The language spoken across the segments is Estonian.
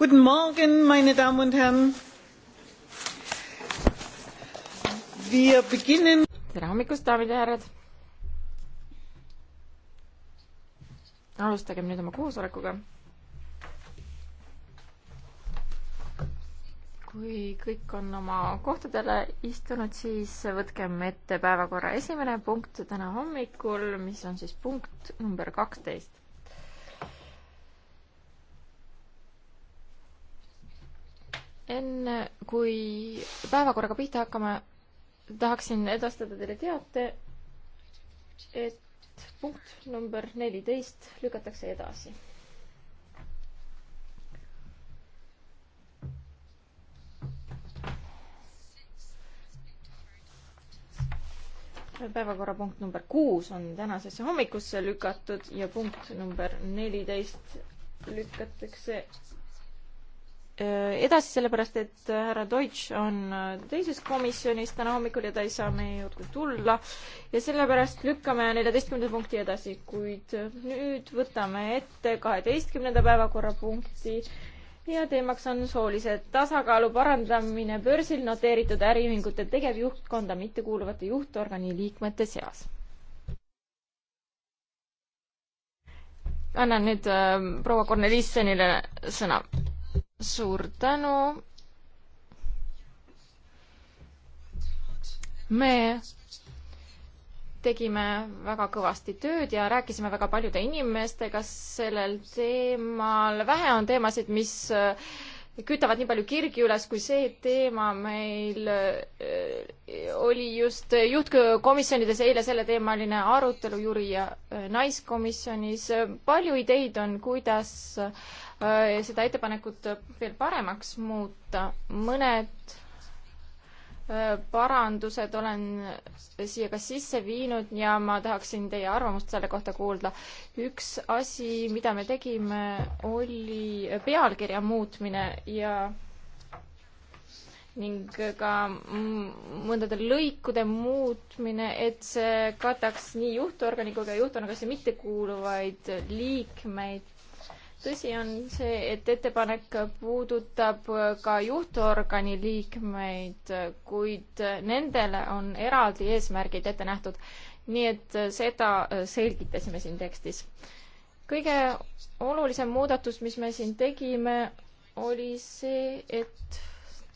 Guten Morgen, meine Damen und Herren. Wir beginnen. tere hommikust, daamid ja härrad. alustagem nüüd oma koosolekuga. kui kõik on oma kohtadele istunud, siis võtkem ette päevakorra esimene punkt täna hommikul, mis on siis punkt number kaksteist enne kui päevakorraga pihta hakkame, tahaksin edastada teile teate, et punkt number neliteist lükatakse edasi. päevakorrapunkt number kuus on tänasesse hommikusse lükatud ja punkt number neliteist lükatakse Äh, edasi, sellepärast et äh, härra Deutsch on äh, teises komisjonis täna hommikul ja ta ei saa meie juurde tulla ja sellepärast lükkame neljateistkümnenda punkti edasi, kuid nüüd võtame ette kaheteistkümnenda päevakorrapunkti ja teemaks on soolise tasakaalu parandamine börsil noteeritud äriühingute tegevjuhtkonda mittekuuluvate juhtorgani liikmete seas. annan nüüd äh, proua Kornelissonile sõna suur tänu. me tegime väga kõvasti tööd ja rääkisime väga paljude inimestega sellel teemal. vähe on teemasid, mis äh, kütavad nii palju kirgi üles, kui see teema meil äh, oli just juhtkomisjonides eile selleteemaline arutelu Jüri ja äh, naiskomisjonis. palju ideid on, kuidas Äh, seda ettepanekut veel paremaks muuta. mõned äh, parandused olen siia ka sisse viinud ja ma tahaksin teie arvamust selle kohta kuulda. üks asi, mida me tegime, oli pealkirja muutmine ja ning ka mõndade lõikude muutmine, et see kataks nii juhtorgani kui ka juhtorganisse mittekuuluvaid liikmeid tõsi on see, et ettepanek puudutab ka juhtorgani liikmeid, kuid nendele on eraldi eesmärgid ette nähtud. nii et seda selgitasime siin tekstis. kõige olulisem muudatus, mis me siin tegime, oli see, et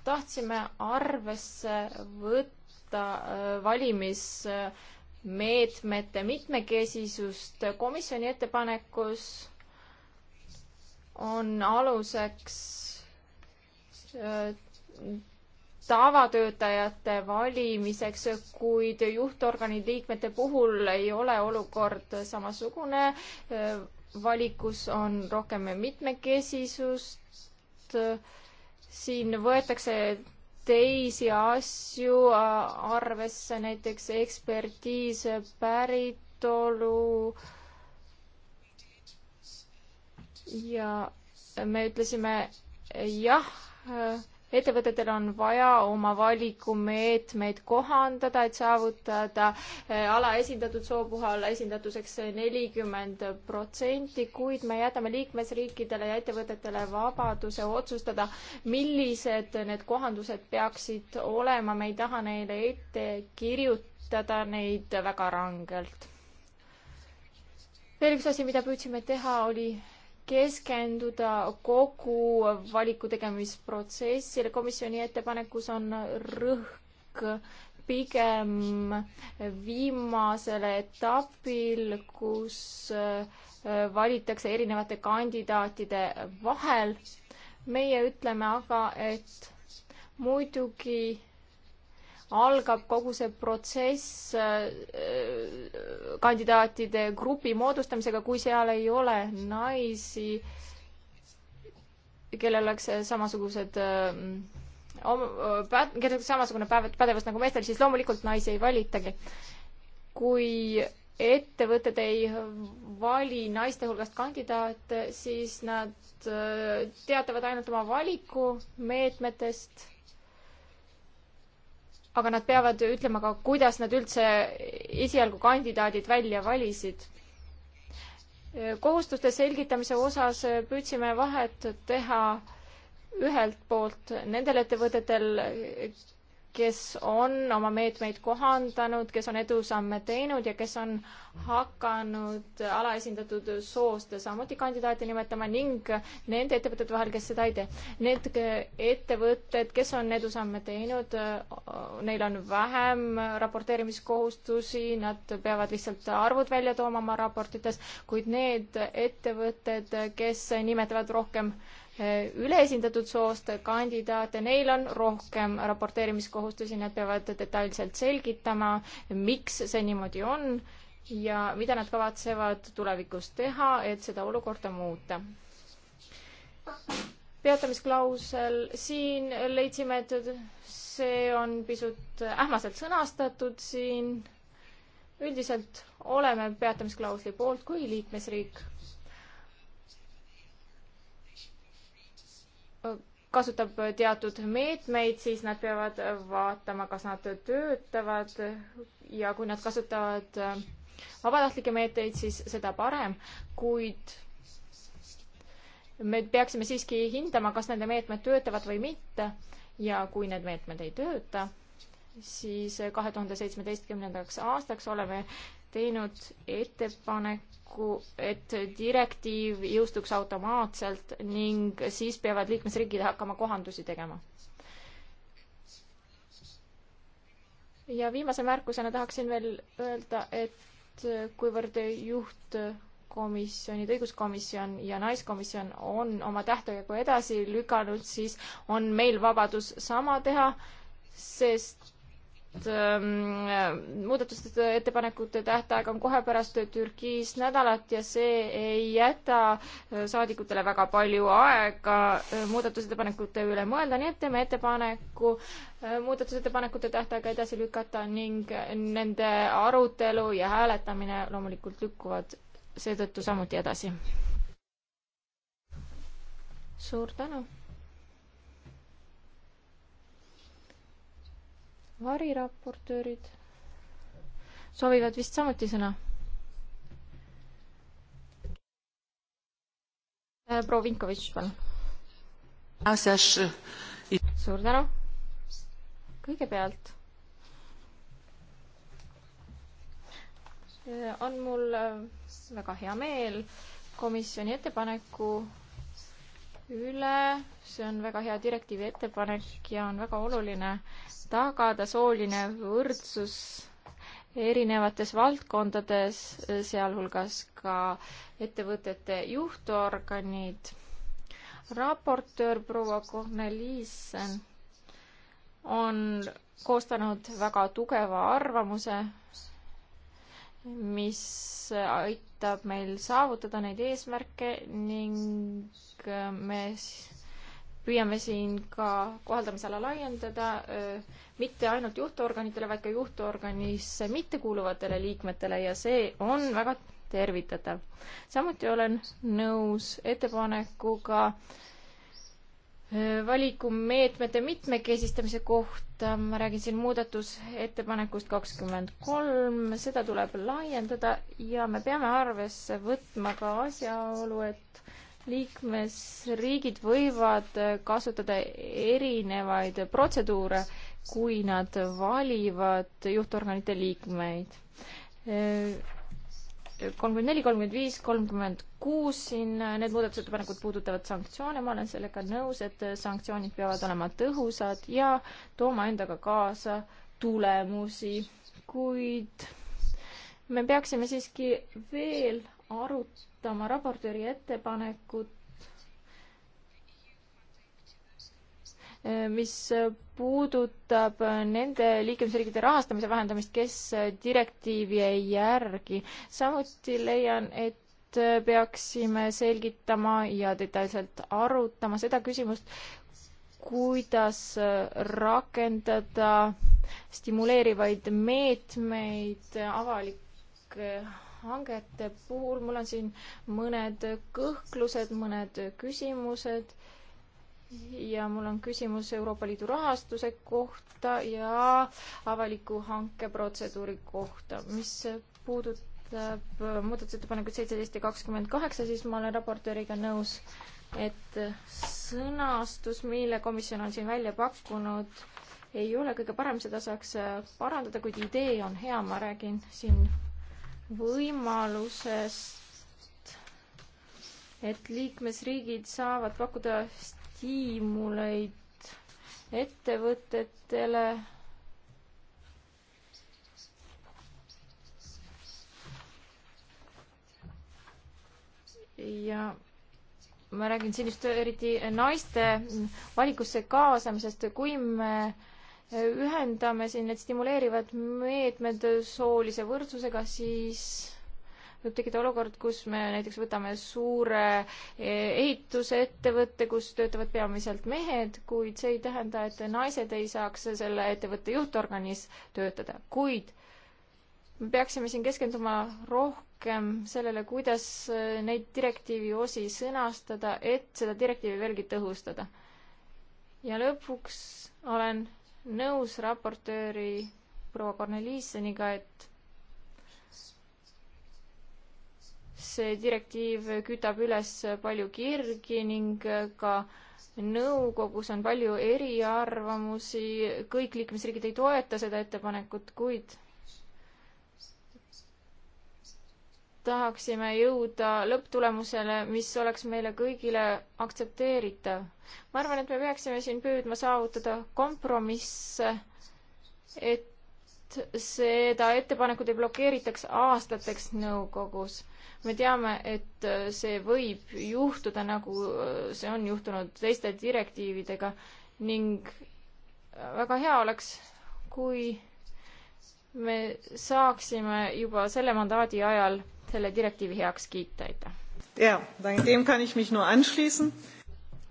tahtsime arvesse võtta äh, valimis äh, meetmete mitmekesisust komisjoni ettepanekus on aluseks äh, tavatöötajate valimiseks, kuid juhtorgani liikmete puhul ei ole olukord samasugune. Äh, valikus on rohkem mitmekesisust. siin võetakse teisi asju äh, arvesse, näiteks ekspertiis, päritolu äh, ja me ütlesime jah, ettevõtetel on vaja oma valikumeetmeid kohandada, et saavutada eh, alaesindatud soo puhul esindatuseks nelikümmend protsenti, kuid me jätame liikmesriikidele ja ettevõtetele vabaduse otsustada, millised need kohandused peaksid olema, me ei taha neile ette kirjutada neid väga rangelt veel üks asi, mida püüdsime teha, oli keskenduda kogu valiku tegemisprotsessile. komisjoni ettepanekus on rõhk pigem viimasel etapil, kus äh, valitakse erinevate kandidaatide vahel. meie ütleme aga, et muidugi algab kogu see protsess äh, kandidaatide grupi moodustamisega, kui seal ei ole naisi, kellel oleks samasugused äh, kellel oleks samasugune päev, pädevus nagu meestel, siis loomulikult naisi ei valitagi. kui ettevõtted ei vali naiste hulgast kandidaate, siis nad äh, teatavad ainult oma valikumeetmetest aga nad peavad ütlema ka, kuidas nad üldse esialgu kandidaadid välja valisid. kohustuste selgitamise osas püüdsime vahet teha ühelt poolt nendel ettevõtetel, kes on oma meetmeid kohandanud, kes on edusamme teinud ja kes on hakanud alaesindatud soost samuti kandidaate nimetama ning nende ettevõtete vahel, kes seda ei tee. Need ettevõtted, kes on edusamme teinud, neil on vähem raporteerimiskohustusi, nad peavad lihtsalt arvud välja tooma oma raportites, kuid need ettevõtted, kes nimetavad rohkem äh, üleesindatud soost kandidaate, neil on rohkem raporteerimiskohustusi, nad peavad detailselt selgitama, miks see niimoodi on ja mida nad kavatsevad tulevikus teha, et seda olukorda muuta. peatamisklausel, siin leidsime, et see on pisut ähmaselt sõnastatud siin. üldiselt oleme peatamisklausli poolt, kui liikmesriik kasutab teatud meetmeid, siis nad peavad vaatama, kas nad töötavad ja kui nad kasutavad äh, vabatahtlikke meetmeid, siis seda parem, kuid me peaksime siiski hindama, kas nende meetmed töötavad või mitte ja kui need meetmed ei tööta, siis kahe tuhande seitsmeteistkümnendaks aastaks oleme teinud ettepaneku ettepaneku, et direktiiv jõustuks automaatselt ning siis peavad liikmesriigid hakkama kohandusi tegema. ja viimase märkusena tahaksin veel öelda, et kuivõrd juhtkomisjonid, õiguskomisjon ja naiskomisjon on oma tähtaegu edasi lükanud, siis on meil vabadus sama teha, sest Ähm, äh, muudatuste ettepanekute tähtaeg on kohe pärast Türgis nädalat ja see ei jäta äh, saadikutele väga palju aega äh, muudatusettepanekute üle mõelda, nii et teeme ettepaneku muudatusettepanekute tähtaega edasi lükata ning nende arutelu ja hääletamine loomulikult lükkuvad seetõttu samuti edasi. suur tänu! variraportöörid soovivad vist samuti sõna. proua Vinkovitš, palun. suur tänu. kõigepealt on mul äh, väga hea meel komisjoni ettepaneku üle, see on väga hea direktiivi ettepanek ja on väga oluline tagada sooline võrdsus erinevates valdkondades, sealhulgas ka ettevõtete juhtorganid. raportöör proua Korneliisen on koostanud väga tugeva arvamuse mis aitab meil saavutada neid eesmärke ning äh, me püüame siin ka kohaldamisala laiendada äh, mitte ainult juhtorganitele, vaid ka juhtorganisse mittekuuluvatele liikmetele ja see on väga tervitatav. samuti olen nõus ettepanekuga äh, valikumeetmete mitmekesistamise kohta, ma räägin siin muudatusettepanekust kakskümmend kolm, seda tuleb laiendada ja me peame arvesse võtma ka asjaolu, et liikmesriigid võivad kasutada erinevaid protseduure, kui nad valivad juhtorganite liikmeid kolmkümmend neli, kolmkümmend viis, kolmkümmend kuus, siin äh, need muudatusettepanekud puudutavad sanktsioone, ma olen sellega nõus, et äh, sanktsioonid peavad olema tõhusad ja tooma endaga kaasa tulemusi, kuid me peaksime siiski veel arutama raportööri ettepanekut mis puudutab nende liikmesriikide rahastamise vähendamist, kes direktiivi ei järgi. samuti leian, et peaksime selgitama ja detailselt arutama seda küsimust, kuidas rakendada stimuleerivaid meetmeid avalike hangete puhul. mul on siin mõned kõhklused, mõned küsimused ja mul on küsimus Euroopa Liidu rahastuse kohta ja avaliku hanke protseduuri kohta, mis puudutab muudatusettepanekut seitseteist ja kakskümmend kaheksa, siis ma olen raportööriga nõus, et sõnastus, mille komisjon on siin välja pakkunud, ei ole kõige parem, seda saaks parandada, kuid idee on hea, ma räägin siin võimalusest, et liikmesriigid saavad pakkuda stiimuleid ettevõtetele ja ma räägin siin just eriti naiste valikusse kaasamisest, kui me ühendame siin need stimuleerivad meetmed soolise võrdsusega, siis võib tekkida olukord, kus me näiteks võtame suure eh, ehitusettevõtte, kus töötavad peamiselt mehed, kuid see ei tähenda, et naised ei saaks selle ettevõtte juhtorganis töötada, kuid me peaksime siin keskenduma rohkem sellele, kuidas eh, neid direktiivi osi sõnastada, et seda direktiivi veelgi tõhustada. ja lõpuks olen nõus raportööri proua Korneliisseniga, et see direktiiv kütab üles palju kirgi ning ka nõukogus on palju eriarvamusi, kõik liikmesriigid ei toeta seda ettepanekut, kuid tahaksime jõuda lõpptulemusele, mis oleks meile kõigile aktsepteeritav. ma arvan, et me peaksime siin püüdma saavutada kompromisse, et seda ettepanekut ei blokeeritaks aastateks nõukogus me teame, et äh, see võib juhtuda, nagu äh, see on juhtunud teiste direktiividega ning äh, väga hea oleks, kui me saaksime juba selle mandaadi ajal selle direktiivi heaks kiita, aitäh. jaa, dem kann ich mich nur anschließen.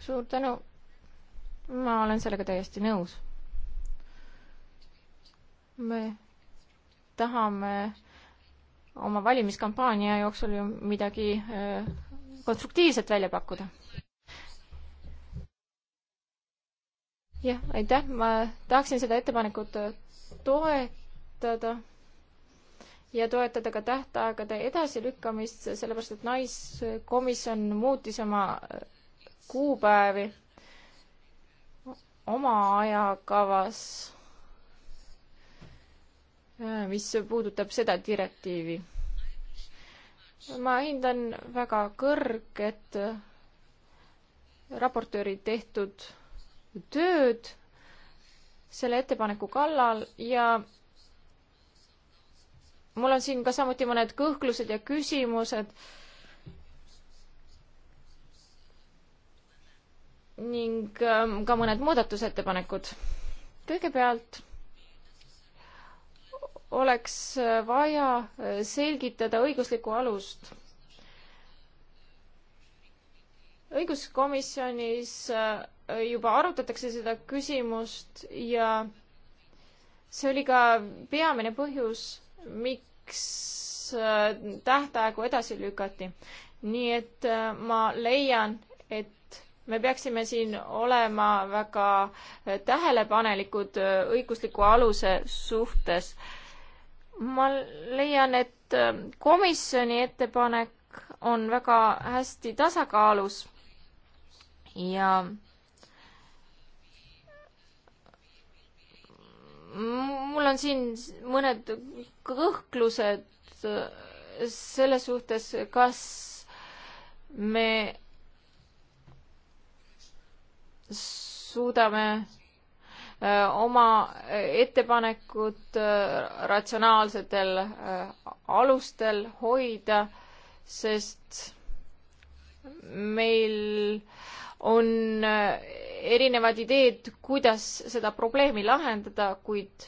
suur tänu. ma olen sellega täiesti nõus. me tahame äh, oma valimiskampaania jooksul ju midagi äh, konstruktiivset välja pakkuda. jah, aitäh, ma tahaksin seda ettepanekut äh, toetada ja toetada ka tähtaegade edasilükkamist, sellepärast et naiskomisjon muutis oma äh, kuupäevi oma ajakavas Äh, mis puudutab seda direktiivi. ma hindan väga kõrget raportööri tehtud tööd selle ettepaneku kallal ja mul on siin ka samuti mõned kõhklused ja küsimused. ning ähm, ka mõned muudatusettepanekud. kõigepealt oleks vaja selgitada õiguslikku alust. õiguskomisjonis juba arutatakse seda küsimust ja see oli ka peamine põhjus, miks tähtaegu edasi lükati. nii et ma leian, et me peaksime siin olema väga tähelepanelikud õigusliku aluse suhtes ma leian, et äh, komisjoni ettepanek on väga hästi tasakaalus ja mul on siin mõned kõhklused äh, selles suhtes, kas me suudame oma ettepanekud ratsionaalsetel alustel hoida, sest meil on erinevad ideed, kuidas seda probleemi lahendada, kuid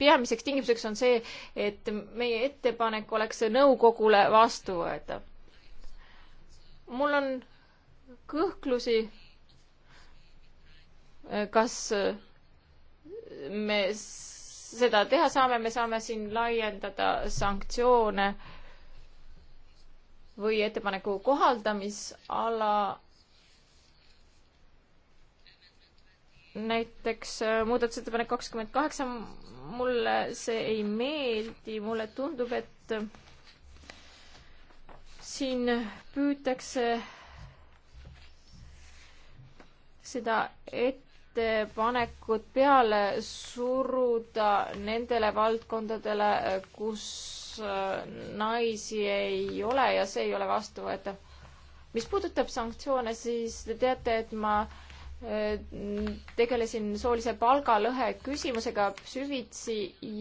peamiseks tingimuseks on see, et meie ettepanek oleks nõukogule vastuvõetav. mul on kõhklusi kas me seda teha saame, me saame siin laiendada sanktsioone või ettepaneku kohaldamisala näiteks äh, muudatusettepanek kakskümmend kaheksa, mulle see ei meeldi, mulle tundub, et äh, siin püütakse seda et-, ettepanekut peale suruda nendele valdkondadele, kus äh, naisi ei ole ja see ei ole vastuvõetav. mis puudutab sanktsioone, siis te teate, et ma äh, tegelesin soolise palgalõhe küsimusega süvitsi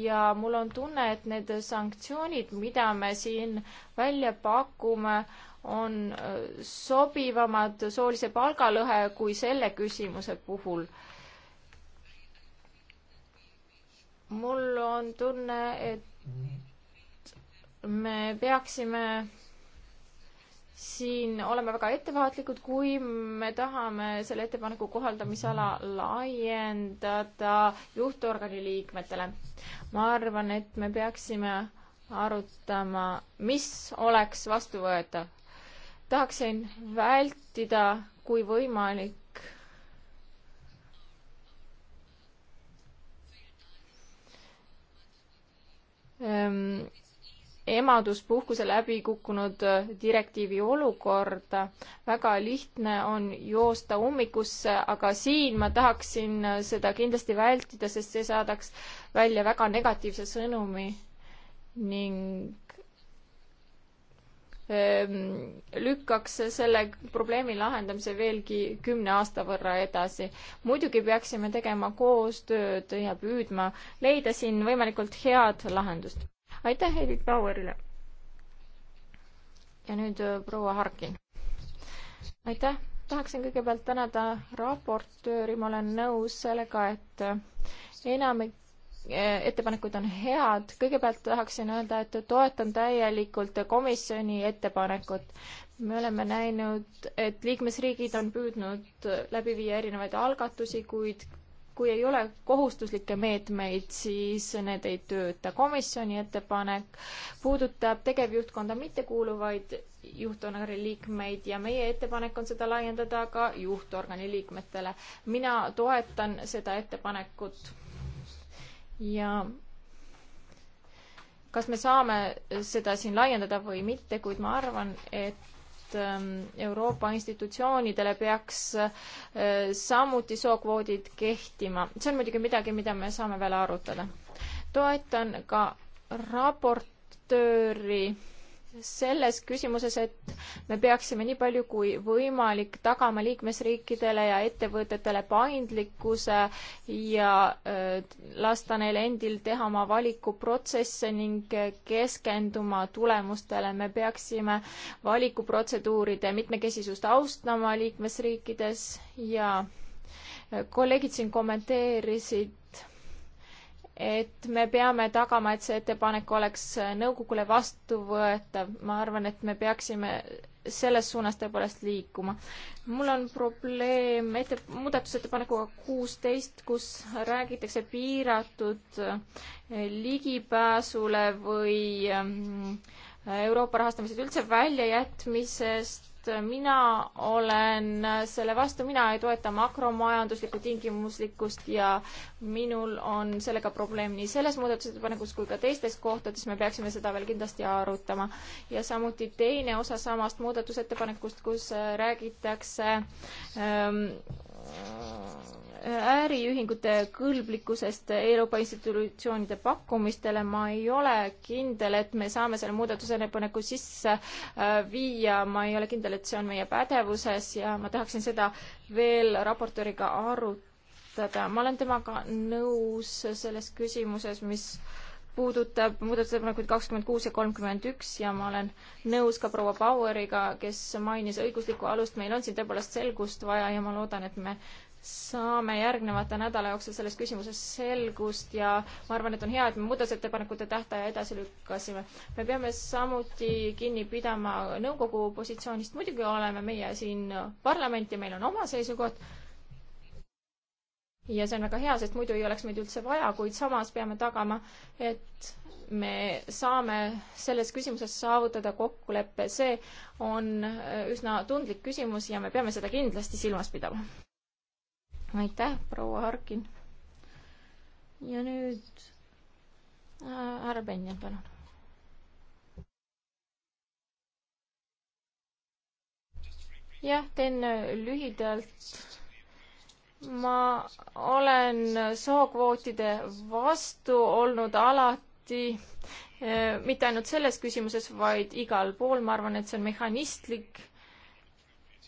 ja mul on tunne, et need sanktsioonid, mida me siin välja pakume, on äh, sobivamad soolise palgalõhe kui selle küsimuse puhul. mul on tunne, et me peaksime siin olema väga ettevaatlikud, kui me tahame selle ettepaneku kohaldamisala laiendada juhtorgani liikmetele. ma arvan, et me peaksime arutama, mis oleks vastuvõetav tahaksin vältida, kui võimalik, ehm, emaduspuhkuse läbi kukkunud direktiivi olukorda. väga lihtne on joosta ummikusse, aga siin ma tahaksin seda kindlasti vältida, sest see saadaks välja väga negatiivse sõnumi ning Ehm, lükkaks selle probleemi lahendamise veelgi kümne aasta võrra edasi. muidugi peaksime tegema koostööd ja püüdma leida siin võimalikult head lahendust. aitäh Edith Bauerile. ja nüüd äh, proua Harkin. aitäh, tahaksin kõigepealt tänada raportööri, ma olen nõus sellega, et äh, enamik Eh, ettepanekud on head. kõigepealt tahaksin öelda, et toetan täielikult komisjoni ettepanekut. me oleme näinud, et liikmesriigid on püüdnud läbi viia erinevaid algatusi, kuid kui ei ole kohustuslikke meetmeid, siis need ei tööta. komisjoni ettepanek puudutab tegevjuhtkonda mittekuuluvaid juhtorgani liikmeid ja meie ettepanek on seda laiendada ka juhtorgani liikmetele. mina toetan seda ettepanekut ja kas me saame seda siin laiendada või mitte, kuid ma arvan, et ähm, Euroopa institutsioonidele peaks äh, samuti sookvoodid kehtima. see on muidugi midagi, mida me saame veel arutada. toetan ka raportööri selles küsimuses, et me peaksime nii palju kui võimalik tagama liikmesriikidele ja ettevõtetele paindlikkuse ja äh, lasta neil endil teha oma valikuprotsesse ning keskenduma tulemustele. me peaksime valikuprotseduuride mitmekesisust austama liikmesriikides ja äh, kolleegid siin kommenteerisid et me peame tagama, et see ettepanek oleks nõukogule vastuvõetav. ma arvan, et me peaksime selles suunas tõepoolest liikuma. mul on probleem ette, muudatusettepanekuga kuusteist, kus räägitakse piiratud eh, ligipääsule või ehm, Euroopa rahastamised üldse väljajätmisest. mina olen selle vastu, mina ei toeta makromajanduslikku tingimuslikkust ja minul on sellega probleem nii selles muudatusettepanekus kui ka teistes kohtades, me peaksime seda veel kindlasti arutama. ja samuti teine osa samast muudatusettepanekust, kus räägitakse ähm, äriühingute kõlblikkusest Euroopa institutsioonide pakkumistele, ma ei ole kindel, et me saame selle muudatusettepaneku sisse äh, viia, ma ei ole kindel, et see on meie pädevuses ja ma tahaksin seda veel raportööriga arutada. ma olen temaga nõus selles küsimuses, mis puudutab muudatusettepanekuid kakskümmend kuus ja kolmkümmend üks ja ma olen nõus ka proua Baueriga, kes mainis õiguslikku alust, meil on siin tõepoolest selgust vaja ja ma loodan, et me saame järgnevate nädala jooksul selles küsimuses selgust ja ma arvan, et on hea, et me muudatusettepanekute tähtaja edasi lükkasime. me peame samuti kinni pidama nõukogu positsioonist, muidugi oleme meie siin parlament ja meil on oma seisukoht. ja see on väga hea, sest muidu ei oleks meid üldse vaja, kuid samas peame tagama, et me saame selles küsimuses saavutada kokkuleppe, see on üsna tundlik küsimus ja me peame seda kindlasti silmas pidama aitäh, proua Harkin. ja nüüd äh, härra Benjan, palun. jah, teen äh, lühidalt. ma olen sookvootide vastu olnud alati, äh, mitte ainult selles küsimuses, vaid igal pool, ma arvan, et see on mehhanistlik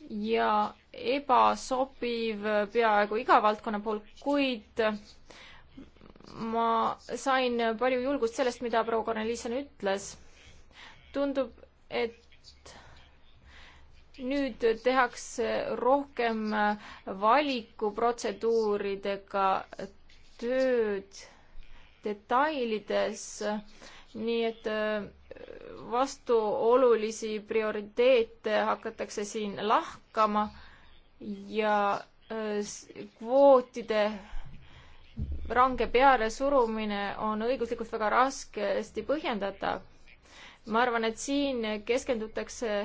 ja ebasobiv peaaegu iga valdkonna puhul, kuid ma sain palju julgust sellest, mida proua Korneliisen ütles. tundub, et nüüd tehakse rohkem valikuprotseduuridega tööd detailides, nii et äh, vastuolulisi prioriteete hakatakse siin lahkama ja kvootide range pealesurumine on õiguslikult väga raskesti põhjendatav. ma arvan, et siin keskendutakse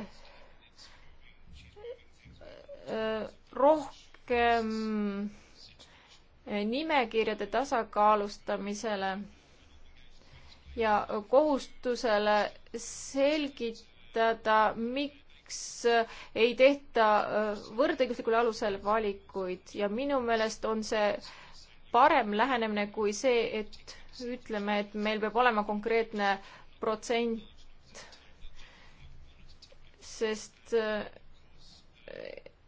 rohkem nimekirjade tasakaalustamisele ja kohustusele selgitada, miks ei tehta äh, võrdõiguslikul alusel valikuid ja minu meelest on see parem lähenemine kui see, et ütleme, et meil peab olema konkreetne protsent, sest äh,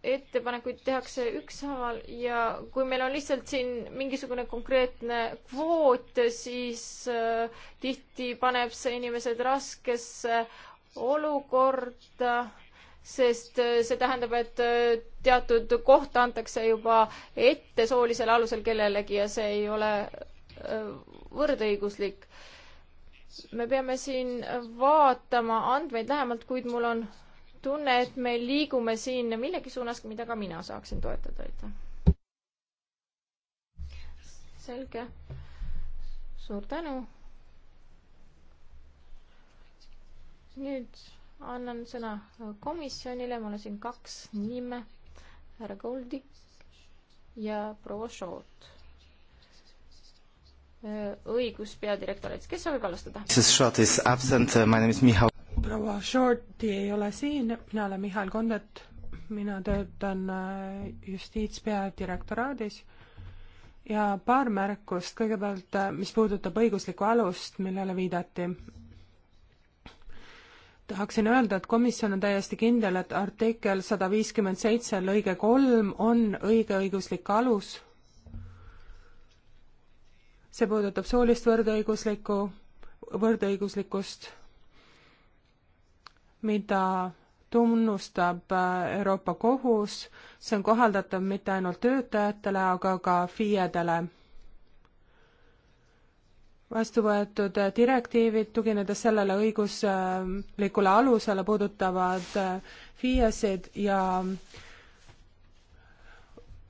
ettepanekuid tehakse ükshaaval ja kui meil on lihtsalt siin mingisugune konkreetne kvoot, siis äh, tihti paneb see inimesed raskesse olukorda, sest äh, see tähendab, et äh, teatud koht antakse juba ette soolisel alusel kellelegi ja see ei ole võrdõiguslik. me peame siin vaatama andmeid lähemalt, kuid mul on tunne, et me liigume siin millegi suunas, mida ka mina saaksin toetada, aitäh. selge. suur tänu. nüüd annan sõna komisjonile, mul on siin kaks nime, härra Goldi ja proua Šoot. õigus peadirektorit, kes soovib alustada? proua Shorti ei ole siin, mina olen Mihhail Kondat, mina töötan äh, justiitspeadirektoraadis ja paar märkust kõigepealt, äh, mis puudutab õiguslikku alust, millele viidati. tahaksin öelda, et komisjon on täiesti kindel, et artikkel sada viiskümmend seitse lõige kolm on õige õiguslik alus. see puudutab soolist võrdõiguslikku, võrdõiguslikkust mida tunnustab äh, Euroopa Kohus, see on kohaldatav mitte ainult töötajatele, aga ka FIE-dele. vastu võetud äh, direktiivid, tuginedes sellele õiguslikule alusele, puudutavad äh, FIE-sid ja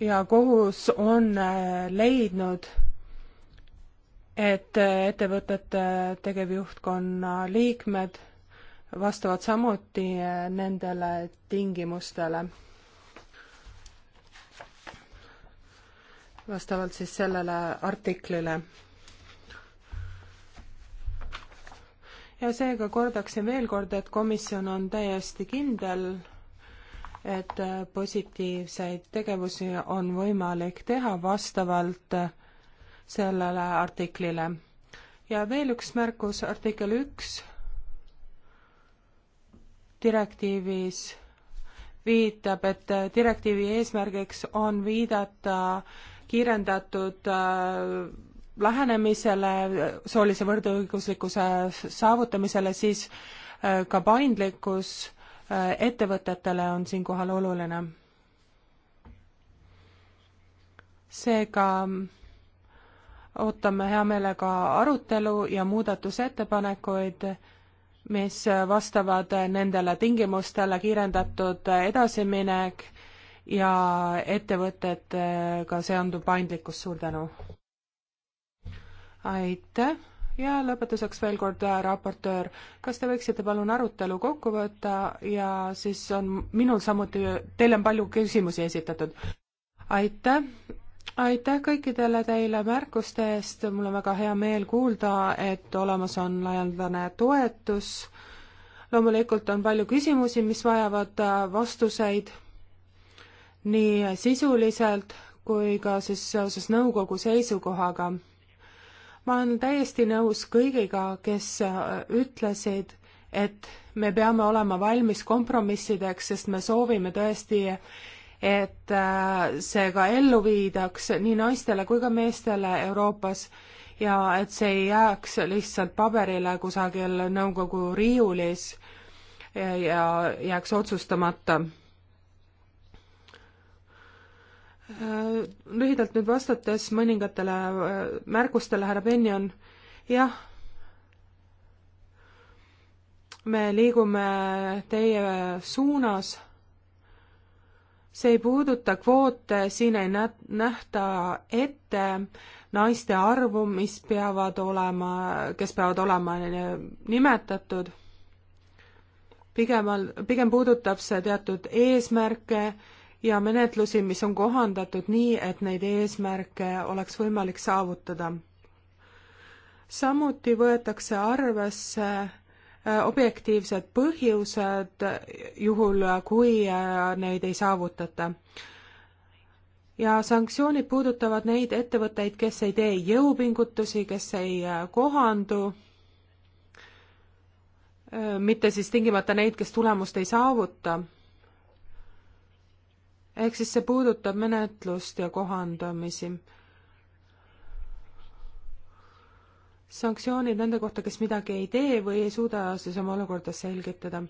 ja kohus on leidnud, et ettevõtete tegevjuhtkonna liikmed vastavad samuti eh, nendele tingimustele. vastavalt siis sellele artiklile. ja seega kordaksin veel kord, et komisjon on täiesti kindel, et eh, positiivseid tegevusi on võimalik teha vastavalt eh, sellele artiklile. ja veel üks märkus, artikkel üks direktiivis viitab, et direktiivi eesmärgiks on viidata kiirendatud äh, lähenemisele, soolise võrdõiguslikkuse saavutamisele, siis äh, ka paindlikkus äh, ettevõtetele on siinkohal oluline. seega ootame hea meelega arutelu ja muudatusettepanekuid mis vastavad nendele tingimustele, kiirendatud edasiminek ja ettevõtetega seonduv paindlikkus, suur tänu! aitäh ja lõpetuseks veel kord, äh, raportöör, kas te võiksite palun arutelu kokku võtta ja siis on minul samuti, teile on palju küsimusi esitatud. aitäh, aitäh kõikidele teile märkuste eest, mul on väga hea meel kuulda, et olemas on laialdane toetus. loomulikult on palju küsimusi, mis vajavad äh, vastuseid nii sisuliselt kui ka siis seoses nõukogu seisukohaga. ma olen täiesti nõus kõigiga, kes äh, ütlesid, et me peame olema valmis kompromissideks, sest me soovime tõesti et äh, see ka ellu viidaks nii naistele kui ka meestele Euroopas ja et see ei jääks lihtsalt paberile kusagil nõukogu riiulis ja jääks otsustamata. Äh, lühidalt nüüd vastates mõningatele äh, märkustele, härra Benjon, jah, me liigume teie suunas see ei puuduta kvoote, siin ei nähta ette naiste arvu, mis peavad olema, kes peavad olema äh, nimetatud. pigem on, pigem puudutab see teatud eesmärke ja menetlusi, mis on kohandatud nii, et neid eesmärke oleks võimalik saavutada. samuti võetakse arvesse Äh, objektiivsed põhjused, juhul kui äh, neid ei saavutata. ja sanktsioonid puudutavad neid ettevõtteid, kes ei tee jõupingutusi, kes ei äh, kohandu, mitte siis tingimata neid, kes tulemust ei saavuta. ehk siis see puudutab menetlust ja kohandamisi sanktsioonid nende kohta, kes midagi ei tee või ei suuda siis oma olukorda selgitada.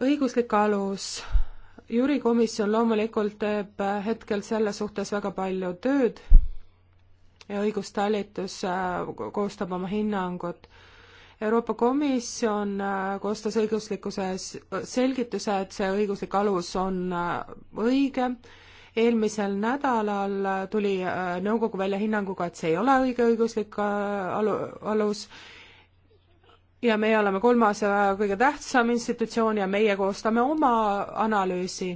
õiguslik alus. jüri komisjon loomulikult teeb hetkel selles suhtes väga palju tööd ja õigustalitus äh, koostab oma hinnangut. Euroopa Komisjon äh, koostas õiguslikkuse selgituse, et see õiguslik alus on äh, õige eelmisel nädalal tuli äh, nõukogu välja hinnanguga, et see ei ole õige õiguslik äh, alu, alus ja meie oleme kolmas ja äh, kõige tähtsam institutsioon ja meie koostame oma analüüsi.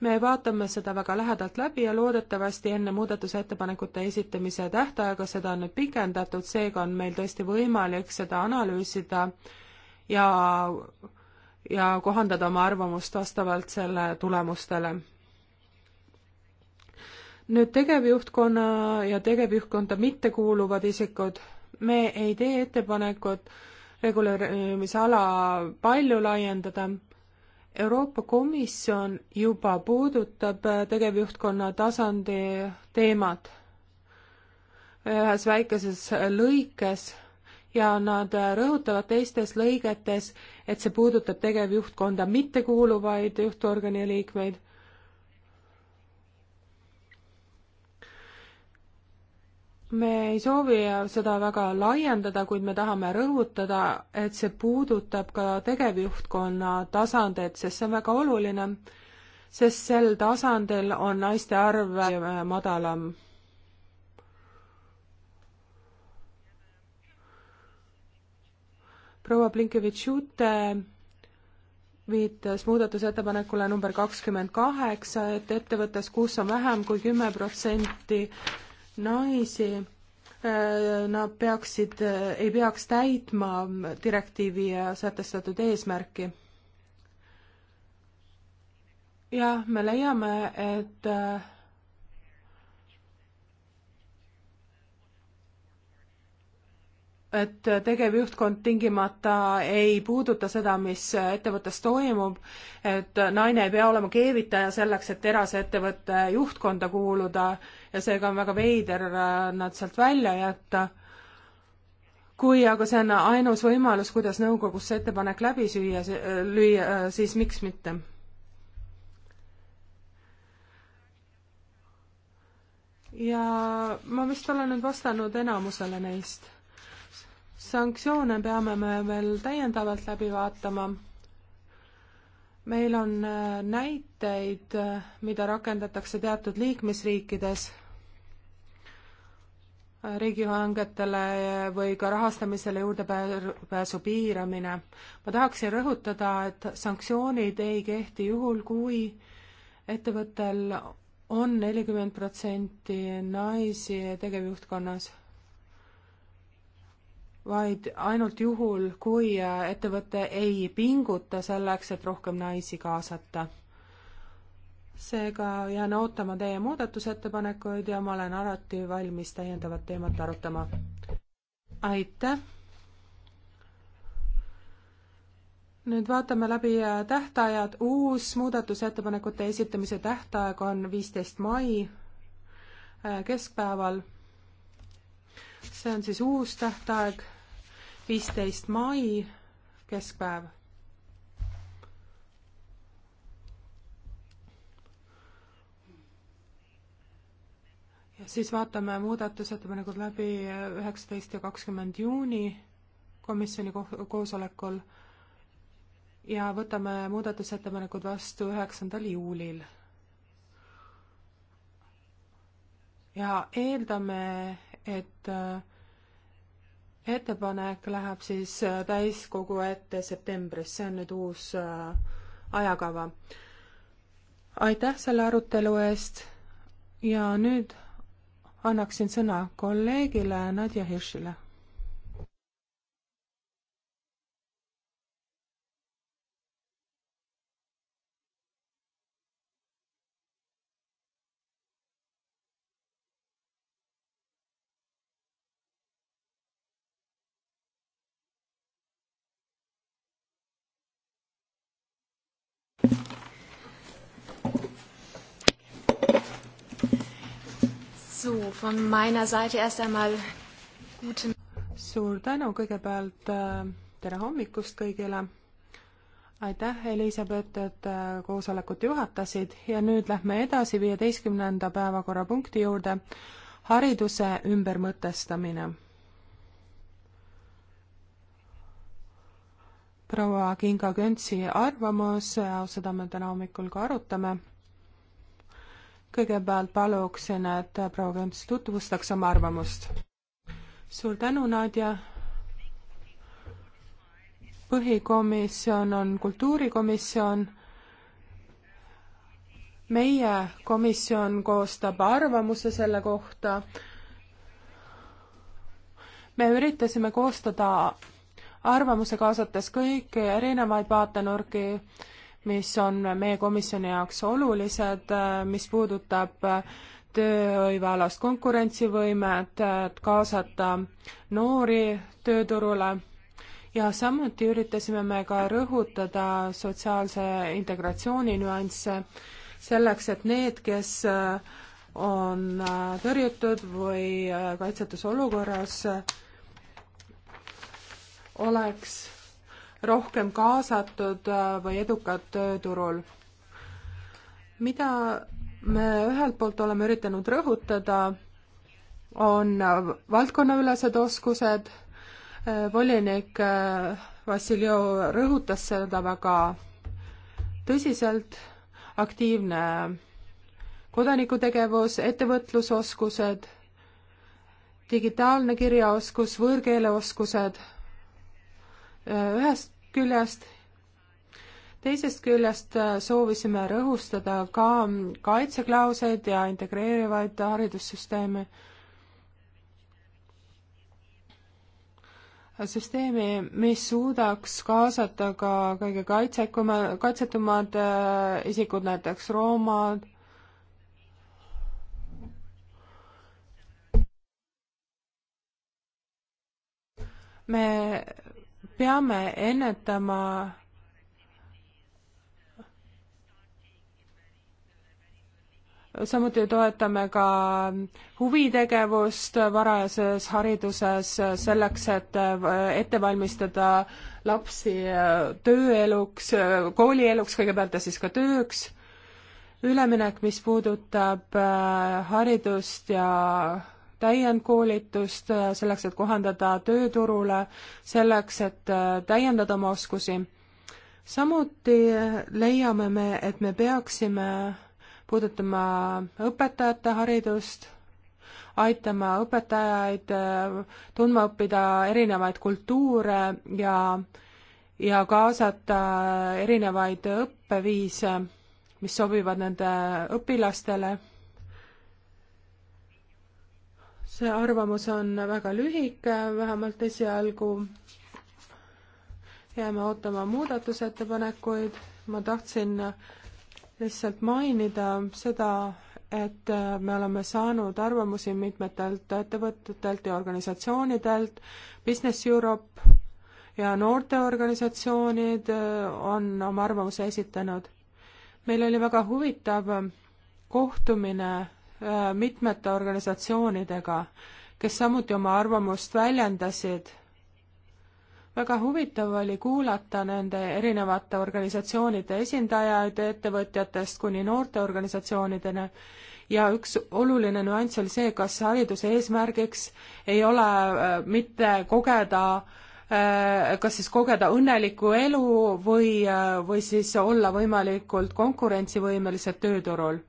me vaatame seda väga lähedalt läbi ja loodetavasti enne muudatusettepanekute esitamise tähtaega, seda on nüüd pikendatud, seega on meil tõesti võimalik seda analüüsida ja, ja kohandada oma arvamust vastavalt selle tulemustele nüüd tegevjuhtkonna ja tegevjuhtkonda mittekuuluvad isikud, me ei tee ettepanekut reguleerimisala palju laiendada. Euroopa Komisjon juba puudutab tegevjuhtkonna tasandi teemat ühes väikeses lõikes ja nad rõhutavad teistes lõigetes, et see puudutab tegevjuhtkonda mittekuuluvaid juhtorgani liikmeid me ei soovi seda väga laiendada, kuid me tahame rõhutada, et see puudutab ka tegevjuhtkonna tasandit, sest see on väga oluline, sest sel tasandil on naiste arv madalam. proua Blinkevitš-Jute viitas muudatusettepanekule number kakskümmend kaheksa, et ettevõttes, kus on vähem kui kümme protsenti naisi äh, nad peaksid, äh, ei peaks täitma direktiivi sätestatud eesmärki. jah, me leiame, et äh, et tegevjuhtkond tingimata ei puuduta seda, mis ettevõttes toimub, et naine ei pea olema keevitaja selleks, et erasettevõtte juhtkonda kuuluda ja seega on väga veider äh, nad sealt välja jätta. kui aga see on ainus võimalus, kuidas nõukogus see ettepanek läbi süüa, äh, lüüa, äh, siis miks mitte? ja ma vist olen nüüd vastanud enamusele neist sanktsioone peame me veel täiendavalt läbi vaatama. meil on äh, näiteid, äh, mida rakendatakse teatud liikmesriikides äh, riigihangetele või ka rahastamisele juurdepääsu piiramine. ma tahaksin rõhutada, et sanktsioonid ei kehti juhul, kui ettevõttel on nelikümmend protsenti naisi tegevjuhtkonnas vaid ainult juhul, kui äh, ettevõte ei pinguta selleks, et rohkem naisi kaasata. seega jään ootama teie muudatusettepanekuid ja ma olen alati valmis täiendavat teemat arutama. aitäh! nüüd vaatame läbi äh, tähtajad, uus muudatusettepanekute esitamise tähtaeg on viisteist mai äh, keskpäeval see on siis uus tähtaeg, viisteist mai, keskpäev. ja siis vaatame muudatusettepanekud läbi üheksateist ja kakskümmend juuni komisjoni koosolekul ja võtame muudatusettepanekud vastu üheksandal juulil ja eeldame, et äh, ettepanek läheb siis äh, täiskogu ette septembris, see on nüüd uus äh, ajakava. aitäh selle arutelu eest ja nüüd annaksin sõna kolleegile Nadja Hirschile von meiner Seite erst einmal guten suur tänu kõigepealt, äh, tere hommikust kõigile! aitäh, Elisabeth, et äh, koosolekut juhatasid ja nüüd lähme edasi viieteistkümnenda päevakorrapunkti juurde, hariduse ümbermõtestamine. proua Kinga Köntsi arvamus, äh, seda me täna hommikul ka arutame kõigepealt paluksin, et proua Kemps tutvustaks oma arvamust. suur tänu, Nadja. põhikomisjon on kultuurikomisjon. meie komisjon koostab arvamuse selle kohta. me üritasime koostada arvamuse kaasates kõiki erinevaid vaatenurki mis on meie komisjoni jaoks olulised, mis puudutab tööhõivealast konkurentsivõimet, et kaasata noori tööturule ja samuti üritasime me ka rõhutada sotsiaalse integratsiooni nüansse selleks, et need, kes äh, on äh, tõrjutud või äh, kaitsetus olukorras, oleks rohkem kaasatud äh, või edukad tööturul. mida me ühelt poolt oleme üritanud rõhutada, on valdkonnaülesed oskused, äh, volinik äh, Vassiljev rõhutas seda väga tõsiselt, aktiivne kodanikutegevus, ettevõtlusoskused, digitaalne kirjaoskus, võõrkeeleoskused ühest küljest, teisest küljest äh, soovisime rõhustada ka kaitseklauseid ja integreerivaid haridussüsteeme. süsteemi, mis suudaks kaasata ka kõige kaitsekuma, kaitsetumad äh, isikud, näiteks roomad, me peame ennetama samuti toetame ka huvitegevust varajases hariduses selleks, et ette valmistada lapsi tööeluks, koolieluks kõigepealt ja siis ka tööks. üleminek, mis puudutab äh, haridust ja täiendkoolitust äh, selleks, et kohandada tööturule, selleks, et äh, täiendada oma oskusi. samuti äh, leiame me, et me peaksime puudutama õpetajate haridust, aitama õpetajaid tundma õppida erinevaid kultuure ja, ja kaasata erinevaid õppeviise, mis sobivad nende õpilastele see arvamus on väga lühike, vähemalt esialgu. jääme ootama muudatusettepanekuid. ma tahtsin lihtsalt mainida seda, et me oleme saanud arvamusi mitmetelt ettevõtetelt ja organisatsioonidelt. Business Europe ja noorteorganisatsioonid on oma arvamuse esitanud. meil oli väga huvitav kohtumine Äh, mitmete organisatsioonidega, kes samuti oma arvamust väljendasid. väga huvitav oli kuulata nende erinevate organisatsioonide esindajaid ettevõtjatest kuni noorteorganisatsioonideni ja üks oluline nüanss oli see, kas hariduse eesmärgiks ei ole äh, mitte kogeda äh, kas siis kogeda õnnelikku elu või, või siis olla võimalikult konkurentsivõimelised tööturul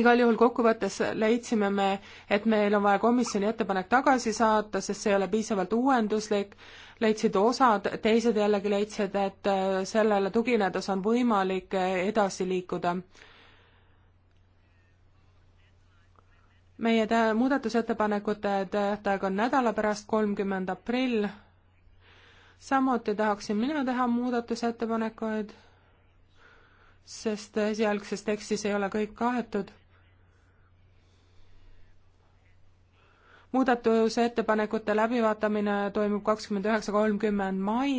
igal juhul kokkuvõttes leidsime me, et meil on vaja komisjoni ettepanek tagasi saata, sest see ei ole piisavalt uuenduslik, leidsid osad, teised jällegi leidsid, et äh, sellele tuginedes on võimalik äh, edasi liikuda. meie tä-, muudatusettepanekute tähtaeg on nädala pärast, kolmkümmend aprill, samuti tahaksin mina teha muudatusettepanekuid, sest esialgses tekstis ei ole kõik kaetud muudatusettepanekute läbivaatamine toimub kakskümmend üheksa, kolmkümmend mai,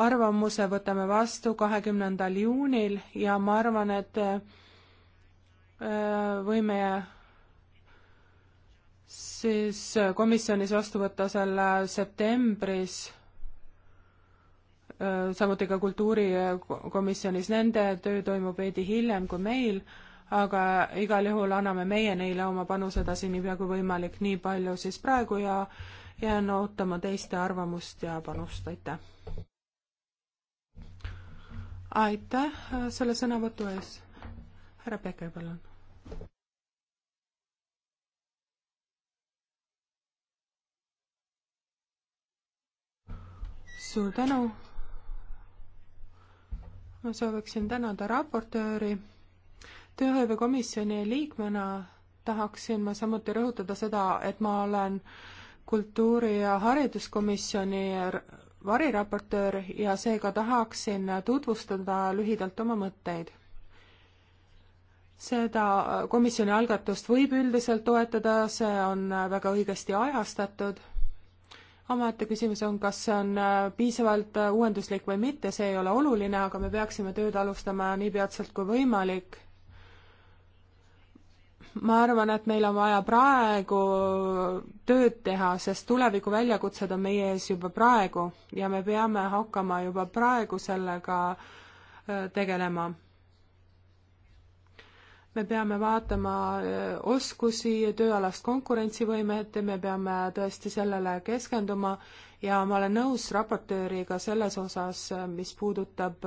arvamuse võtame vastu kahekümnendal juunil ja ma arvan, et äh, võime siis komisjonis vastu võtta selle septembris, äh, samuti ka kultuurikomisjonis, nende töö toimub veidi hiljem kui meil aga igal juhul anname meie neile oma panuse edasi niipea kui võimalik, nii palju siis praegu ja jään ootama teiste arvamust ja panust, aitäh! aitäh äh, selle sõnavõtu ees! härra Peker, palun! suur tänu! ma sooviksin tänada raportööri tööhõivekomisjoni liikmena tahaksin ma samuti rõhutada seda, et ma olen kultuuri- ja hariduskomisjoni variraportöör ja seega tahaksin tutvustada lühidalt oma mõtteid seda komisjoni algatust võib üldiselt toetada, see on väga õigesti ajastatud. omaette küsimus on, kas see on piisavalt uuenduslik või mitte, see ei ole oluline, aga me peaksime tööd alustama nii peatselt kui võimalik ma arvan, et meil on vaja praegu tööd teha, sest tuleviku väljakutsed on meie ees juba praegu ja me peame hakkama juba praegu sellega äh, tegelema. me peame vaatama äh, oskusi, tööalast konkurentsivõimet ja me peame tõesti sellele keskenduma ja ma olen nõus raportööriga selles osas, äh, mis puudutab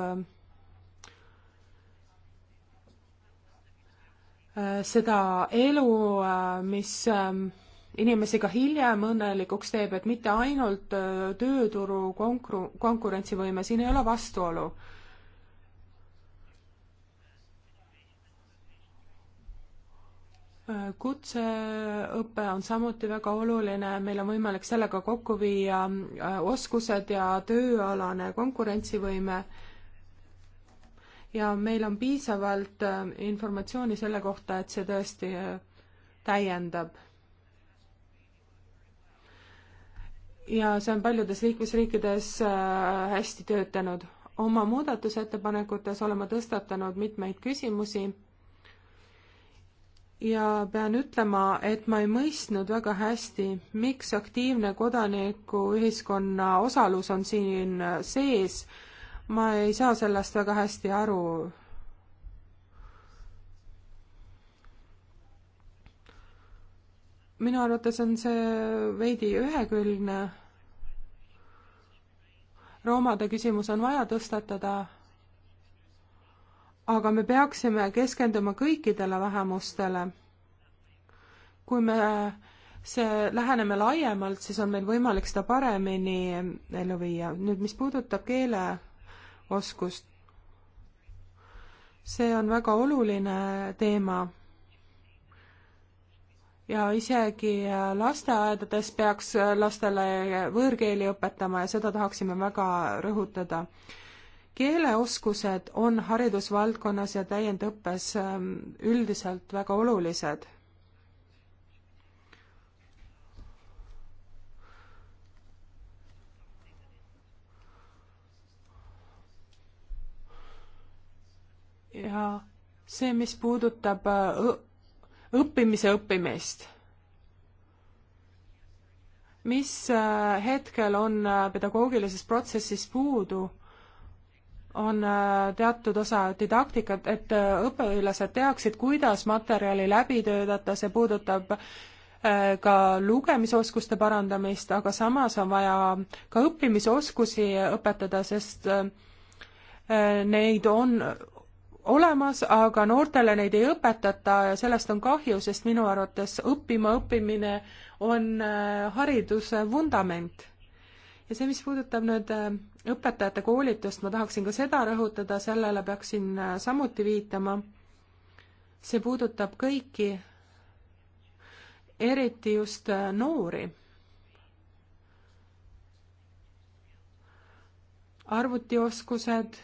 Äh, seda elu, äh, mis ähm, inimesi ka hiljem õnnelikuks teeb, et mitte ainult äh, tööturu konkuru-, konkurentsivõime, siin ei ole vastuolu. kutseõpe on samuti väga oluline, meil on võimalik sellega kokku viia oskused ja tööalane konkurentsivõime ja meil on piisavalt äh, informatsiooni selle kohta, et see tõesti äh, täiendab. ja see on paljudes liikmesriikides äh, hästi töötanud. oma muudatusettepanekutes olen ma tõstatanud mitmeid küsimusi ja pean ütlema, et ma ei mõistnud väga hästi, miks aktiivne kodanikuühiskonna osalus on siin sees ma ei saa sellest väga hästi aru. minu arvates on see veidi ühekülgne. roomade küsimus on vaja tõstatada, aga me peaksime keskenduma kõikidele vähemustele. kui me see, läheneme laiemalt, siis on meil võimalik seda paremini ellu viia. nüüd, mis puudutab keele oskust. see on väga oluline teema ja isegi lasteaedades peaks lastele võõrkeeli õpetama ja seda tahaksime väga rõhutada. keeleoskused on haridusvaldkonnas ja täiendõppes ähm, üldiselt väga olulised. ja see, mis puudutab äh, õppimise õppimist. mis äh, hetkel on äh, pedagoogilises protsessis puudu, on teatud osa didaktikat, et õpilased teaksid, kuidas materjali läbi töötada, see puudutab ka lugemisoskuste parandamist, aga samas on vaja ka õppimisoskusi õpetada, sest neid on, olemas, aga noortele neid ei õpetata ja sellest on kahju, sest minu arvates õppima õppimine on äh, hariduse vundament. ja see, mis puudutab nüüd äh, õpetajate koolitust, ma tahaksin ka seda rõhutada, sellele peaksin äh, samuti viitama. see puudutab kõiki, eriti just noori. arvutioskused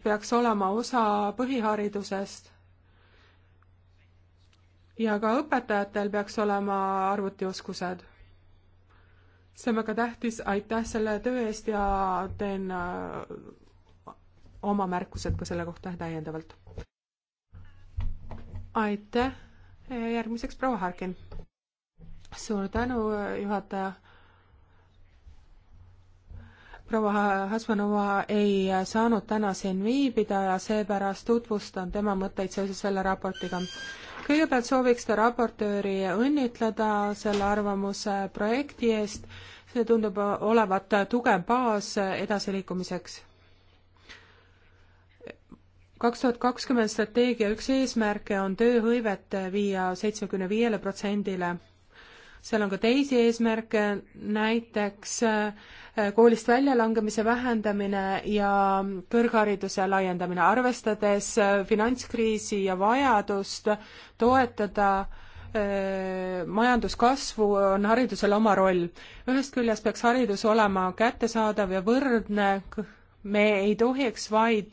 peaks olema osa põhiharidusest. ja ka õpetajatel peaks olema arvutioskused. see on väga tähtis, aitäh selle töö eest ja teen äh, oma märkused ka selle kohta täiendavalt. aitäh, järgmiseks proua Harkin. suur tänu, juhataja proua Hasmanova ei saanud täna siin viibida ja seepärast tutvustan tema mõtteid seoses selle raportiga. kõigepealt sooviks ta raportööri õnnitleda selle arvamuse projekti eest, see tundub olevat tugev baas edasiliikumiseks kaks tuhat kakskümmend strateegia üks eesmärke on tööhõivet viia seitsmekümne viiele protsendile. seal on ka teisi eesmärke, näiteks Äh, koolist väljalangemise vähendamine ja kõrghariduse laiendamine, arvestades äh, finantskriisi ja vajadust toetada äh, majanduskasvu, on haridusel oma roll. ühest küljest peaks haridus olema kättesaadav ja võrdne, me ei tohiks vaid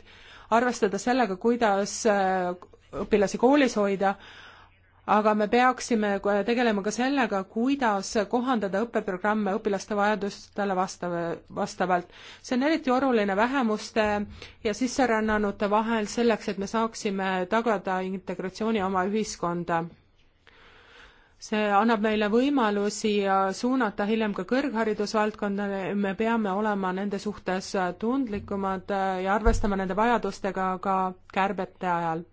arvestada sellega, kuidas õpilasi koolis hoida, aga me peaksime tegelema ka sellega, kuidas kohandada õppeprogramme õpilaste vajadustele vastav, vastavalt. see on eriti oluline vähemuste ja sisserännanute vahel selleks, et me saaksime tagada integratsiooni oma ühiskonda see annab meile võimalusi suunata hiljem ka kõrgharidusvaldkonda, me peame olema nende suhtes tundlikumad ja arvestama nende vajadustega ka kärbete ajal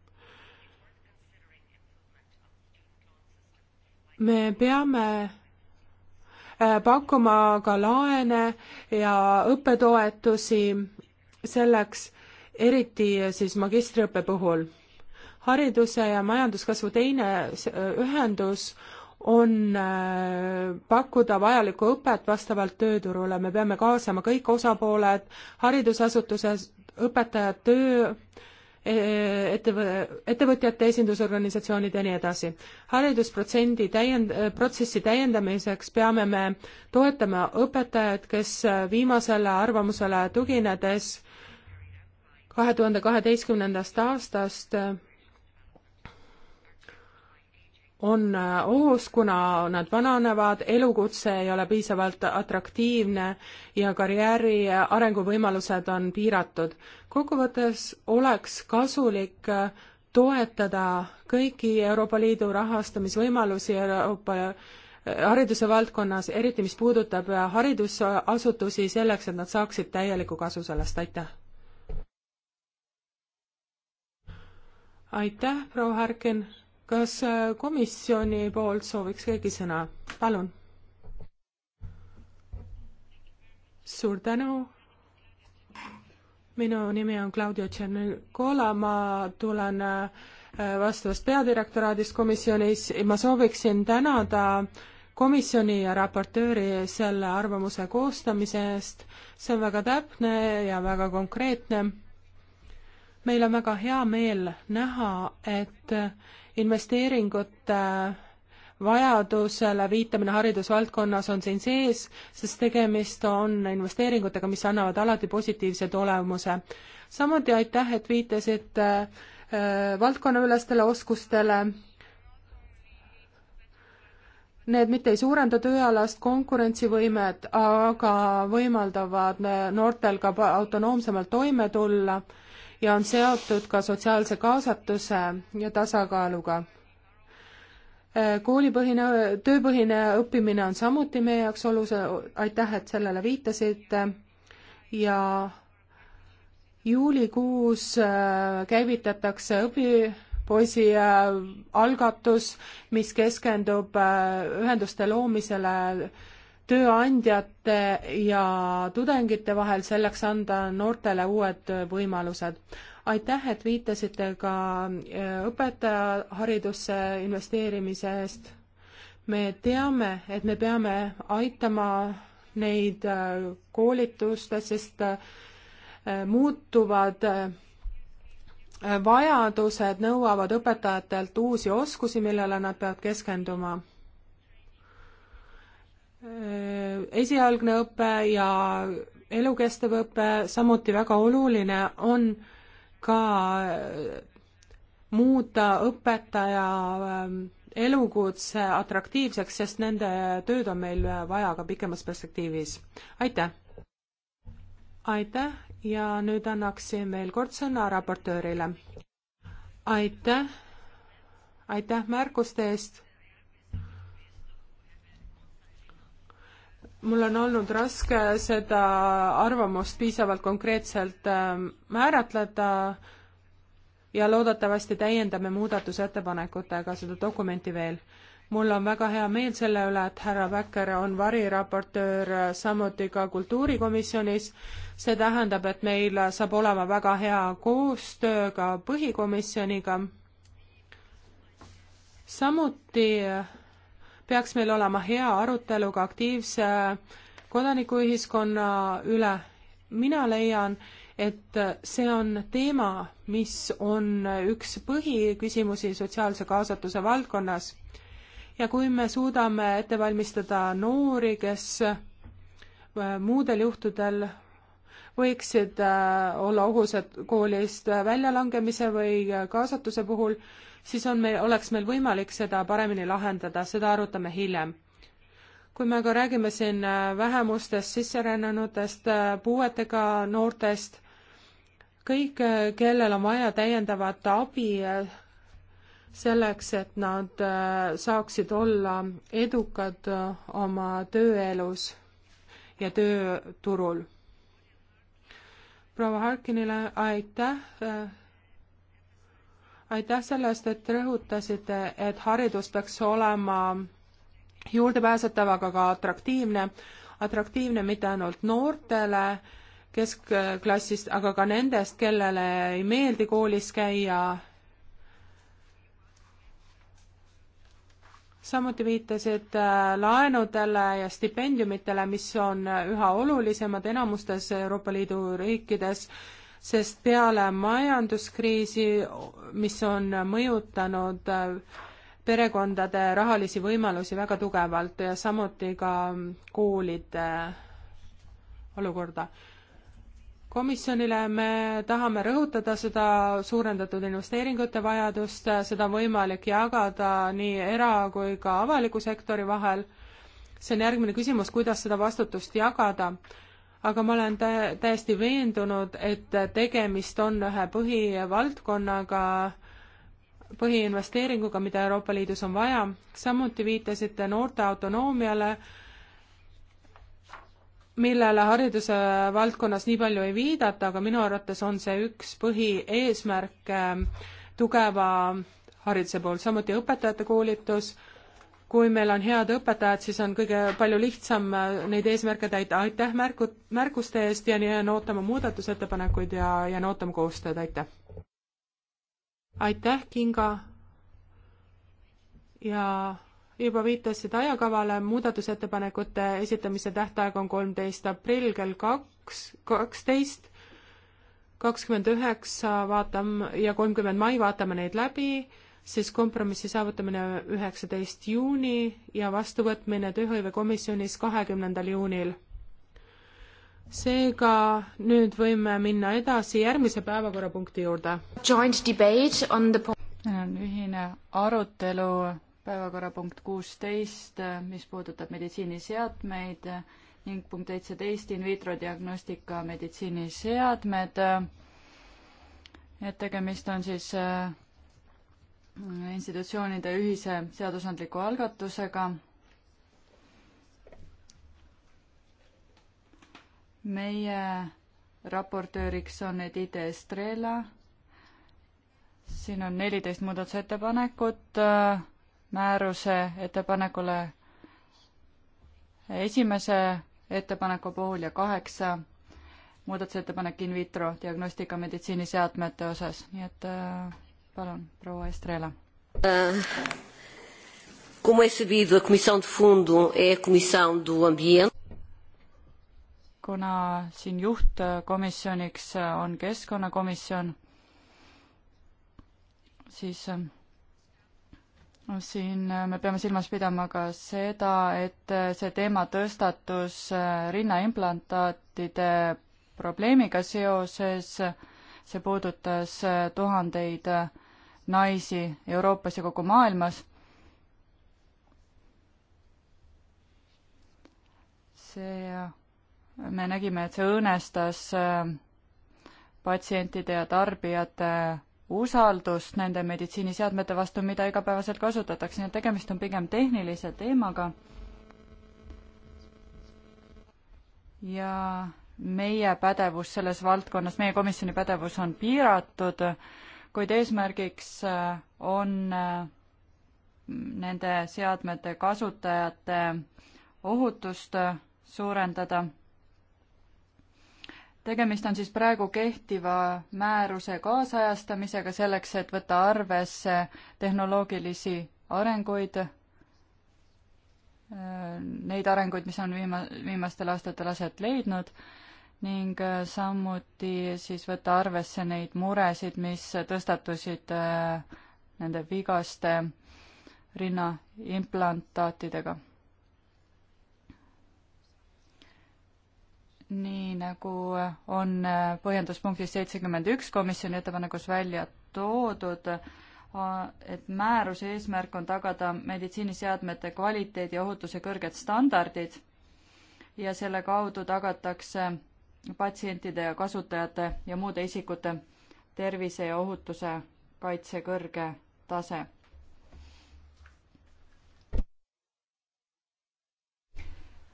me peame äh, pakkuma ka laene ja õppetoetusi selleks, eriti siis magistriõppe puhul. hariduse ja majanduskasvu teine äh, ühendus on äh, pakkuda vajalikku õpet vastavalt tööturule, me peame kaasama kõik osapooled, haridusasutused, õpetajad, töö, ettevõ-, ettevõtjate esindusorganisatsioonid ja nii edasi. haridusprotsendi täiend-, protsessi täiendamiseks peame me toetama õpetajaid, kes viimasele arvamusele tuginedes kahe tuhande kaheteistkümnendast aastast on äh, ohus, kuna nad vananevad, elukutse ei ole piisavalt atraktiivne ja karjääri arenguvõimalused on piiratud. kokkuvõttes oleks kasulik äh, toetada kõiki Euroopa Liidu rahastamisvõimalusi Euroopa äh, hariduse valdkonnas, eriti mis puudutab haridusasutusi, selleks et nad saaksid täielikku kasu sellest, aitäh! aitäh, proua Härkin! kas äh, komisjoni poolt sooviks keegi sõna? palun. suur tänu. minu nimi on Claudio Tšernikola, ma tulen äh, vastavast peadirektoraadist komisjonis. ma sooviksin tänada komisjoni ja raportööri selle arvamuse koostamise eest. see on väga täpne ja väga konkreetne. meil on väga hea meel näha, et investeeringute vajadusele viitamine haridusvaldkonnas on siin sees, sest tegemist on investeeringutega, mis annavad alati positiivse tulemuse. samuti aitäh, et viitasite äh, valdkonnaülestele oskustele. Need mitte ei suurenda tööalast konkurentsivõimet, aga võimaldavad noortel ka autonoomsemalt toime tulla ja on seotud ka sotsiaalse kaasatuse ja tasakaaluga. koolipõhine, tööpõhine õppimine on samuti meie jaoks oluline, aitäh, et sellele viitasite ja juulikuus äh, käivitatakse õpipoisi äh, algatus, mis keskendub äh, ühenduste loomisele tööandjate ja tudengite vahel, selleks anda noortele uued võimalused. aitäh, et viitasite ka äh, õpetajaharidusse investeerimise eest. me teame, et me peame aitama neid äh, koolitustes, sest äh, muutuvad vajadused nõuavad õpetajatelt uusi oskusi, millele nad peavad keskenduma Äh, esialgne õpe ja elukestev õpe, samuti väga oluline on ka äh, muuta õpetaja äh, elukutse atraktiivseks, sest nende tööd on meil vaja ka pikemas perspektiivis. aitäh! aitäh ja nüüd annaksin veel kord sõna raportöörile. aitäh, aitäh märkuste eest mul on olnud raske seda arvamust piisavalt konkreetselt ähm, määratleda ja loodetavasti täiendame muudatusettepanekutega seda dokumenti veel. mul on väga hea meel selle üle, et härra Väkker on variraportöör äh, samuti ka kultuurikomisjonis. see tähendab, et meil saab olema väga hea koostöö ka põhikomisjoniga. samuti äh, peaks meil olema hea arutelu ka aktiivse kodanikuühiskonna üle. mina leian, et see on teema, mis on üks põhiküsimusi sotsiaalse kaasatuse valdkonnas. ja kui me suudame ette valmistada noori, kes äh, muudel juhtudel võiksid äh, olla ohus, et koolist väljalangemise või kaasatuse puhul, siis on meil, oleks meil võimalik seda paremini lahendada, seda arutame hiljem. kui me aga räägime siin äh, vähemustest, sisserännanutest, äh, puuetega noortest, kõik, kellel on vaja täiendavat abi selleks, et nad saaksid olla edukad oma tööelus ja tööturul proua Harkinile aitäh, äh, aitäh selle eest, et rõhutasite, et haridus peaks olema juurdepääsetav, aga ka atraktiivne. atraktiivne mitte ainult noortele keskklassist, aga ka nendest, kellele ei meeldi koolis käia samuti viitasid äh, laenudele ja stipendiumitele, mis on äh, üha olulisemad enamustes Euroopa Liidu riikides, sest peale majanduskriisi, mis on äh, mõjutanud perekondade rahalisi võimalusi väga tugevalt ja samuti ka mm, koolide olukorda komisjonile, me tahame rõhutada seda suurendatud investeeringute vajadust, seda on võimalik jagada nii era- kui ka avaliku sektori vahel. see on järgmine küsimus, kuidas seda vastutust jagada. aga ma olen tä-, täiesti veendunud, et tegemist on ühe põhivaldkonnaga, põhiinvesteeringuga, mida Euroopa Liidus on vaja. samuti viitasite noorte autonoomiale millele hariduse valdkonnas nii palju ei viidata, aga minu arvates on see üks põhieesmärke ähm, tugeva hariduse poolt, samuti õpetajate koolitus, kui meil on head õpetajad, siis on kõige palju lihtsam äh, neid eesmärke täita, aitäh märku, märkuste eest ja jään ootama muudatusettepanekuid ja jään ootama koostööd, aitäh! aitäh, Kinga! ja juba viitasid ajakavale, muudatusettepanekute esitamise tähtaeg on kolmteist aprill kell kaks, kaksteist, kakskümmend üheksa vaatame ja kolmkümmend mai vaatame neid läbi, siis kompromissi saavutamine üheksateist juuni ja vastuvõtmine tööhõivekomisjonis kahekümnendal juunil seega nüüd võime minna edasi järgmise päevakorrapunkti juurde. The... on ühine arutelu päevakorrapunkt kuusteist, mis puudutab meditsiiniseadmeid ning punkt seitseteist in vitro diagnostika meditsiiniseadmed. et tegemist on siis äh, institutsioonide ühise seadusandliku algatusega. meie raportööriks on Edite Estrela. siin on neliteist muudatusettepanekut äh, määruse ettepanekule esimese ettepaneku puhul ja kaheksa muudatusettepanek in vitro diagnostika meditsiiniseadmete osas, nii et äh, palun, proua Estrela uh,. Como é sabido, a Comissão de Fundo é a Comissão do Ambiente. kuna siin juhtkomisjoniks on Keskkonnakomisjon, siis äh, siin me peame silmas pidama ka seda, et see teema tõstatus äh, rinnaimplantaatide probleemiga seoses, see puudutas äh, tuhandeid äh, naisi Euroopas ja kogu maailmas. see, me nägime, et see õõnestas patsientide ja tarbijate usaldust nende meditsiiniseadmete vastu, mida igapäevaselt kasutatakse, nii et tegemist on pigem tehnilise teemaga. ja meie pädevus selles valdkonnas, meie komisjoni pädevus on piiratud, kuid eesmärgiks äh, on äh, nende seadmete kasutajate ohutust äh, suurendada tegemist on siis praegu kehtiva määruse kaasajastamisega selleks, et võtta arvesse tehnoloogilisi arenguid, neid arenguid, mis on viima-, viimastel aastatel aset leidnud ning samuti siis võtta arvesse neid muresid, mis tõstatusid äh, nende vigaste rinnaimplantaatidega nii nagu on põhjenduspunktis seitsekümmend üks komisjoni ettepanekus välja toodud, et määruse eesmärk on tagada meditsiiniseadmete kvaliteedi ja ohutuse kõrged standardid ja selle kaudu tagatakse patsientide ja kasutajate ja muude isikute tervise ja ohutuse kaitse kõrge tase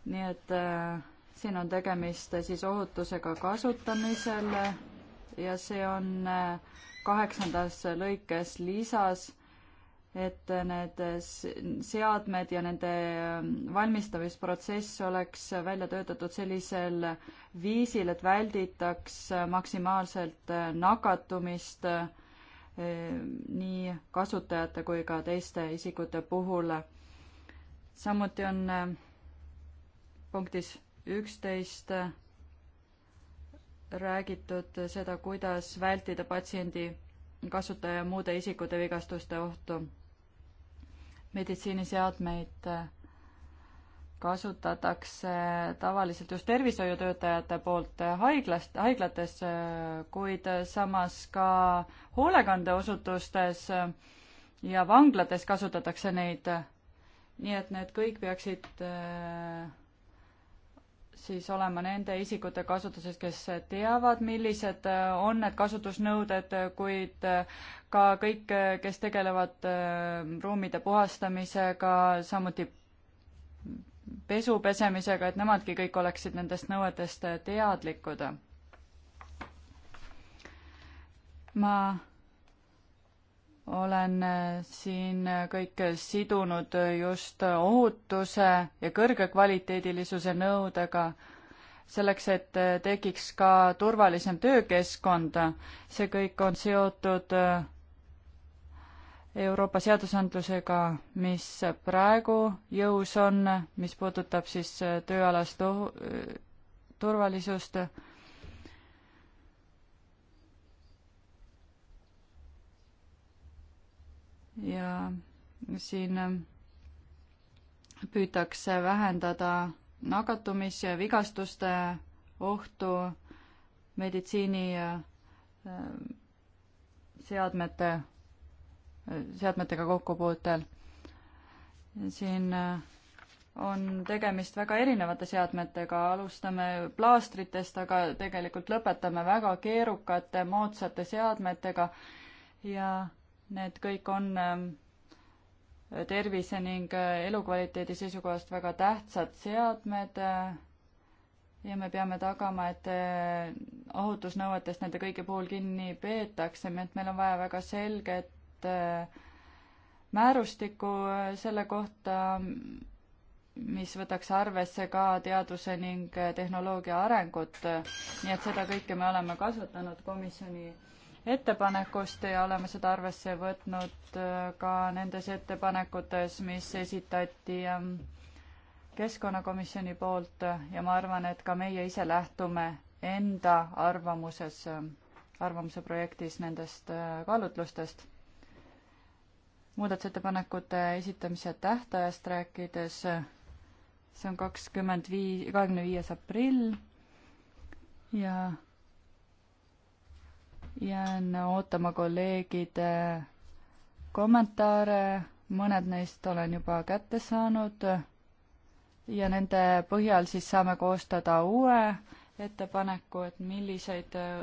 nii et äh, siin on tegemist siis ohutusega kasutamisel ja see on äh, kaheksandas lõikes lisas, et need seadmed ja nende ähm, valmistamisprotsess oleks välja töötatud sellisel viisil, et välditaks maksimaalselt äh, nakatumist äh, nii kasutajate kui ka teiste isikute puhul. samuti on punktis üksteist räägitud seda, kuidas vältida patsiendi, kasutaja ja muude isikute vigastuste ohtu. meditsiiniseadmeid kasutatakse tavaliselt just tervishoiutöötajate poolt haiglast, haiglates, kuid samas ka hoolekandeosutustes ja vanglates kasutatakse neid. nii et need kõik peaksid äh, siis olema nende isikute kasutuses, kes teavad, millised äh, on need kasutusnõuded, kuid äh, ka kõik, äh, kes tegelevad ruumide puhastamisega, samuti pesu pesemisega, et nemadki kõik oleksid nendest nõuetest teadlikud. ma olen äh, siin äh, kõik sidunud just ohutuse ja kõrgekvaliteedilisuse nõudega, selleks et äh, tekiks ka turvalisem töökeskkond. see kõik on seotud Euroopa seadusandlusega, mis praegu jõus on, mis puudutab siis tööalast turvalisust ja siin ähm, püütakse vähendada nakatumis- ja vigastuste ohtu meditsiini äh, seadmete, seadmetega kokkupuutel. siin äh, on tegemist väga erinevate seadmetega, alustame plaastritest, aga tegelikult lõpetame väga keerukate moodsate seadmetega ja need kõik on ähm, tervise ning äh, elukvaliteedi seisukohast väga tähtsad seadmed äh, ja me peame tagama, et äh, ohutusnõuetest nende kõigi puhul kinni peetakse, nii et meil on vaja väga selget määrustikku selle kohta, mis võtaks arvesse ka teaduse ning tehnoloogia arengut. nii et seda kõike me oleme kasutanud komisjoni ettepanekust ja oleme seda arvesse võtnud äh, ka nendes ettepanekutes, mis esitati ähm, keskkonnakomisjoni poolt äh, ja ma arvan, et ka meie ise lähtume enda arvamuses, ähm, arvamuse projektis nendest äh, kaalutlustest muudatusettepanekute esitamise tähtajast rääkides, see on kakskümmend viis, kahekümne viies aprill ja jään ootama kolleegide kommentaare, mõned neist olen juba kätte saanud ja nende põhjal siis saame koostada uue ettepaneku, et milliseid äh,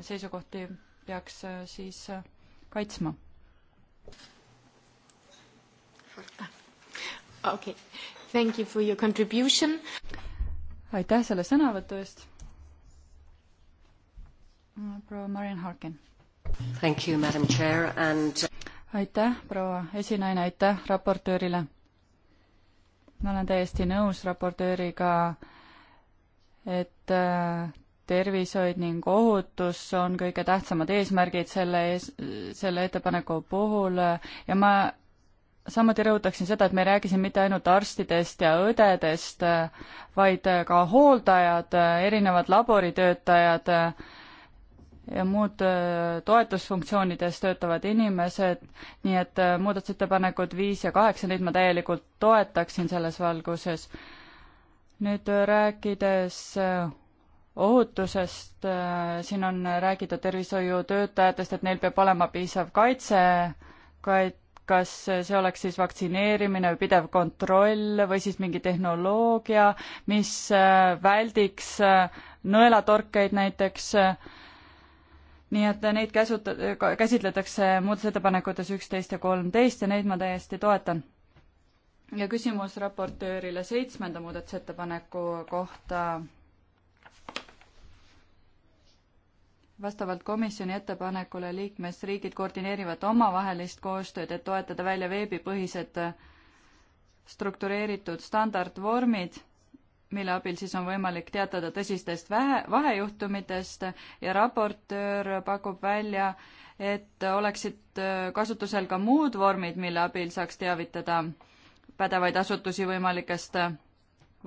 seisukohti peaks äh, siis äh, kaitsma. okei okay., thank you for your contribution. aitäh selle sõnavõtu eest Mm, proua Marian Harkin. Thank you, madam chair and uh, aitäh, proua esinaine, aitäh raportöörile. ma olen täiesti nõus raportööriga, et äh, tervishoid ning ohutus on kõige tähtsamad eesmärgid selle ees, selle ettepaneku puhul ja ma samuti rõhutaksin seda, et me ei räägi siin mitte ainult arstidest ja õdedest, vaid ka hooldajad, erinevad laboritöötajad äh,, ja muud äh, toetusfunktsioonides töötavad inimesed, nii et äh, muudatusettepanekud viis ja kaheksa, neid ma täielikult toetaksin selles valguses. nüüd äh, rääkides ohutusest, siin on räägitud tervishoiutöötajatest, et neil peab olema piisav kaitse, kait-, kas see oleks siis vaktsineerimine või pidev kontroll või siis mingi tehnoloogia, mis väldiks nõelatorkeid näiteks, nii et neid käsut-, käsitletakse muudatusettepanekutes üksteist ja kolmteist ja neid ma täiesti toetan. ja küsimus raportöörile seitsmenda muudatusettepaneku kohta. vastavalt komisjoni ettepanekule liikmesriigid koordineerivad omavahelist koostööd, et toetada välja veebipõhised struktureeritud standardvormid mille abil siis on võimalik teatada tõsistest vähe, vahejuhtumitest ja raportöör pakub välja, et oleksid äh, kasutusel ka muud vormid, mille abil saaks teavitada pädevaid asutusi võimalikest äh,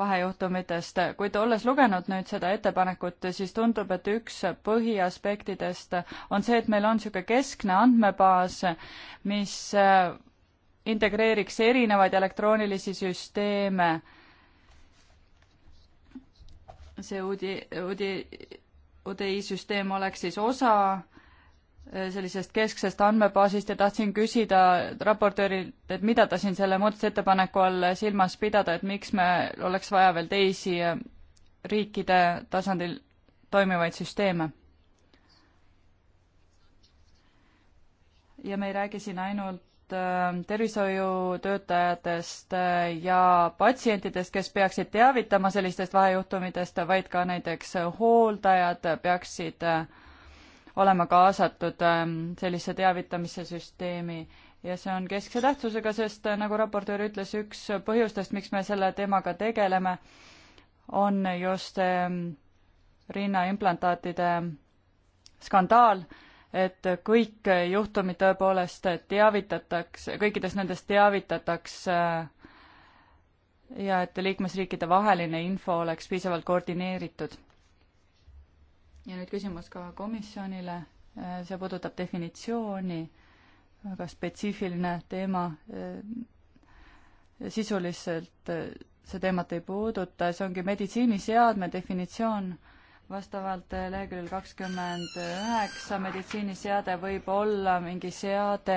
vahejuhtumitest, kuid olles lugenud nüüd seda ettepanekut, siis tundub, et üks põhiaspektidest on see, et meil on niisugune keskne andmebaas, mis äh, integreeriks erinevaid elektroonilisi süsteeme see UDI, UDI, UDI süsteem oleks siis osa äh, sellisest kesksest andmebaasist ja tahtsin küsida raportöörilt, et mida ta siin selle muudatusettepaneku all silmas pidada, et miks me oleks vaja veel teisi äh, riikide tasandil toimivaid süsteeme? ja me ei räägi siin ainult Äh, tervishoiutöötajatest äh, ja patsientidest, kes peaksid teavitama sellistest vahejuhtumitest, vaid ka näiteks hooldajad peaksid äh, olema kaasatud ähm, sellise teavitamise süsteemi ja see on keskse tähtsusega, sest nagu raportöör ütles, üks põhjustest, miks me selle teemaga tegeleme, on just ähm, rinnaimplantaatide skandaal et kõik juhtumid tõepoolest teavitatakse, kõikidest nendest teavitatakse ja et liikmesriikide vaheline info oleks piisavalt koordineeritud. ja nüüd küsimus ka komisjonile, see puudutab definitsiooni, väga spetsiifiline teema, eh, sisuliselt eh, see teemat ei puuduta, see ongi meditsiiniseadme definitsioon vastavalt äh, leheküljel kakskümmend üheksa meditsiiniseade võib olla mingi seade,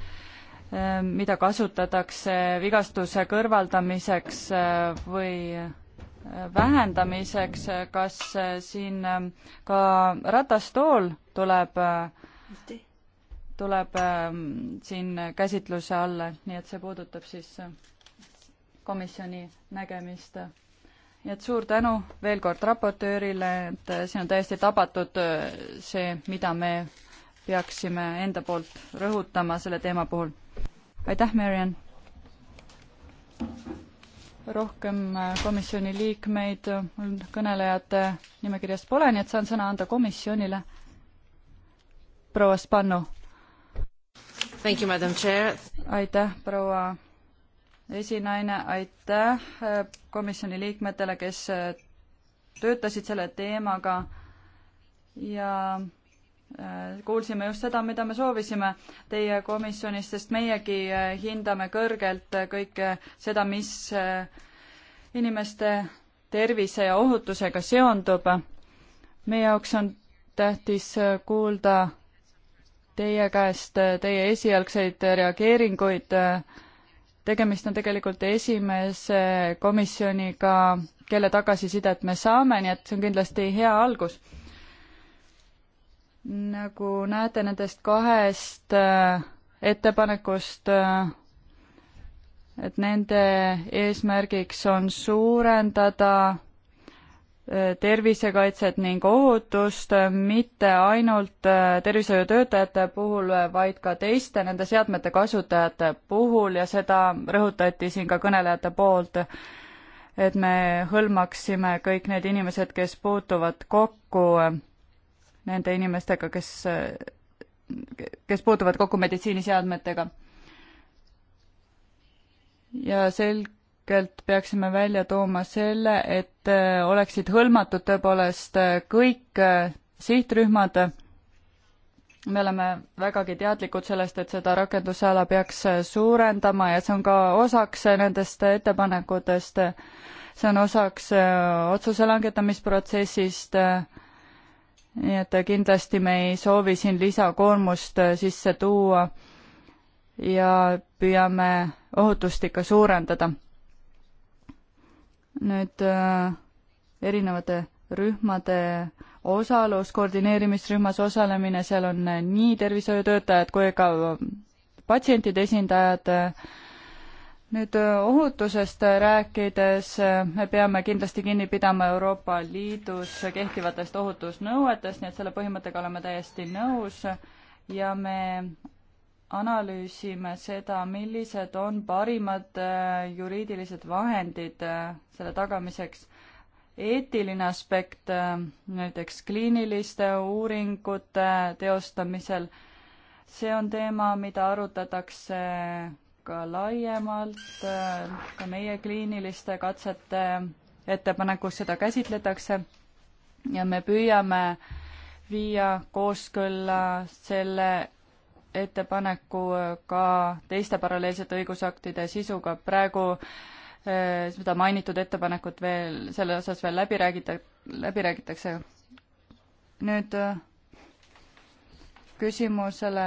äh, mida kasutatakse vigastuse kõrvaldamiseks äh, või vähendamiseks, kas siin ka ratastool tuleb, tuleb ähm, siin käsitluse alla, nii et see puudutab siis komisjoni nägemist nii et suur tänu veel kord raportöörile, et siin on täiesti tabatud äh, see, mida me peaksime enda poolt rõhutama selle teema puhul. aitäh, Mariann! rohkem äh, komisjoni liikmeid äh, mul kõnelejate nimekirjas pole, nii et saan sõna anda komisjonile. proua Spannu. aitäh, proua esinaine, aitäh äh, komisjoni liikmetele, kes äh, töötasid selle teemaga ja äh, kuulsime just seda, mida me soovisime teie komisjonist, sest meiegi hindame kõrgelt kõike seda, mis inimeste tervise ja ohutusega seondub. meie jaoks on tähtis kuulda teie käest teie esialgseid reageeringuid äh, tegemist on tegelikult esimese komisjoniga, kelle tagasisidet me saame, nii et see on kindlasti hea algus. nagu näete nendest kahest äh, ettepanekust, äh, et nende eesmärgiks on suurendada tervisekaitset ning ohutust mitte ainult äh, tervishoiutöötajate puhul, vaid ka teiste nende seadmete kasutajate puhul ja seda rõhutati siin ka kõnelejate poolt, et me hõlmaksime kõik need inimesed, kes puutuvad kokku nende inimestega, kes, kes puutuvad kokku meditsiiniseadmetega. ja sel-, selgelt peaksime välja tooma selle, et äh, oleksid hõlmatud tõepoolest äh, kõik äh, sihtrühmad. me oleme vägagi teadlikud sellest, et seda rakendusala peaks suurendama ja see on ka osaks nendest ettepanekutest. see on osaks otsuse langetamisprotsessist. nii et kindlasti me ei soovi siin lisakoormust sisse tuua ja püüame ohutust ikka suurendada nüüd äh, erinevate rühmade osalus, koordineerimisrühmas osalemine, seal on äh, nii tervishoiutöötajad kui ka äh, patsientide esindajad. nüüd ohutusest rääkides, me peame kindlasti kinni pidama Euroopa Liidus kehtivatest ohutusnõuetest, nii et selle põhimõttega oleme täiesti nõus ja me analüüsime seda, millised on parimad äh, juriidilised vahendid äh, selle tagamiseks. eetiline aspekt äh, näiteks kliiniliste uuringute teostamisel, see on teema, mida arutatakse ka laiemalt, ka meie kliiniliste katsete ettepanekus seda käsitletakse ja me püüame viia kooskõlla selle ettepaneku äh, ka teiste paralleelsete õigusaktide sisuga, praegu äh, seda mainitud ettepanekut veel, selle osas veel läbi räägita-, läbi räägitakse. nüüd äh, küsimusele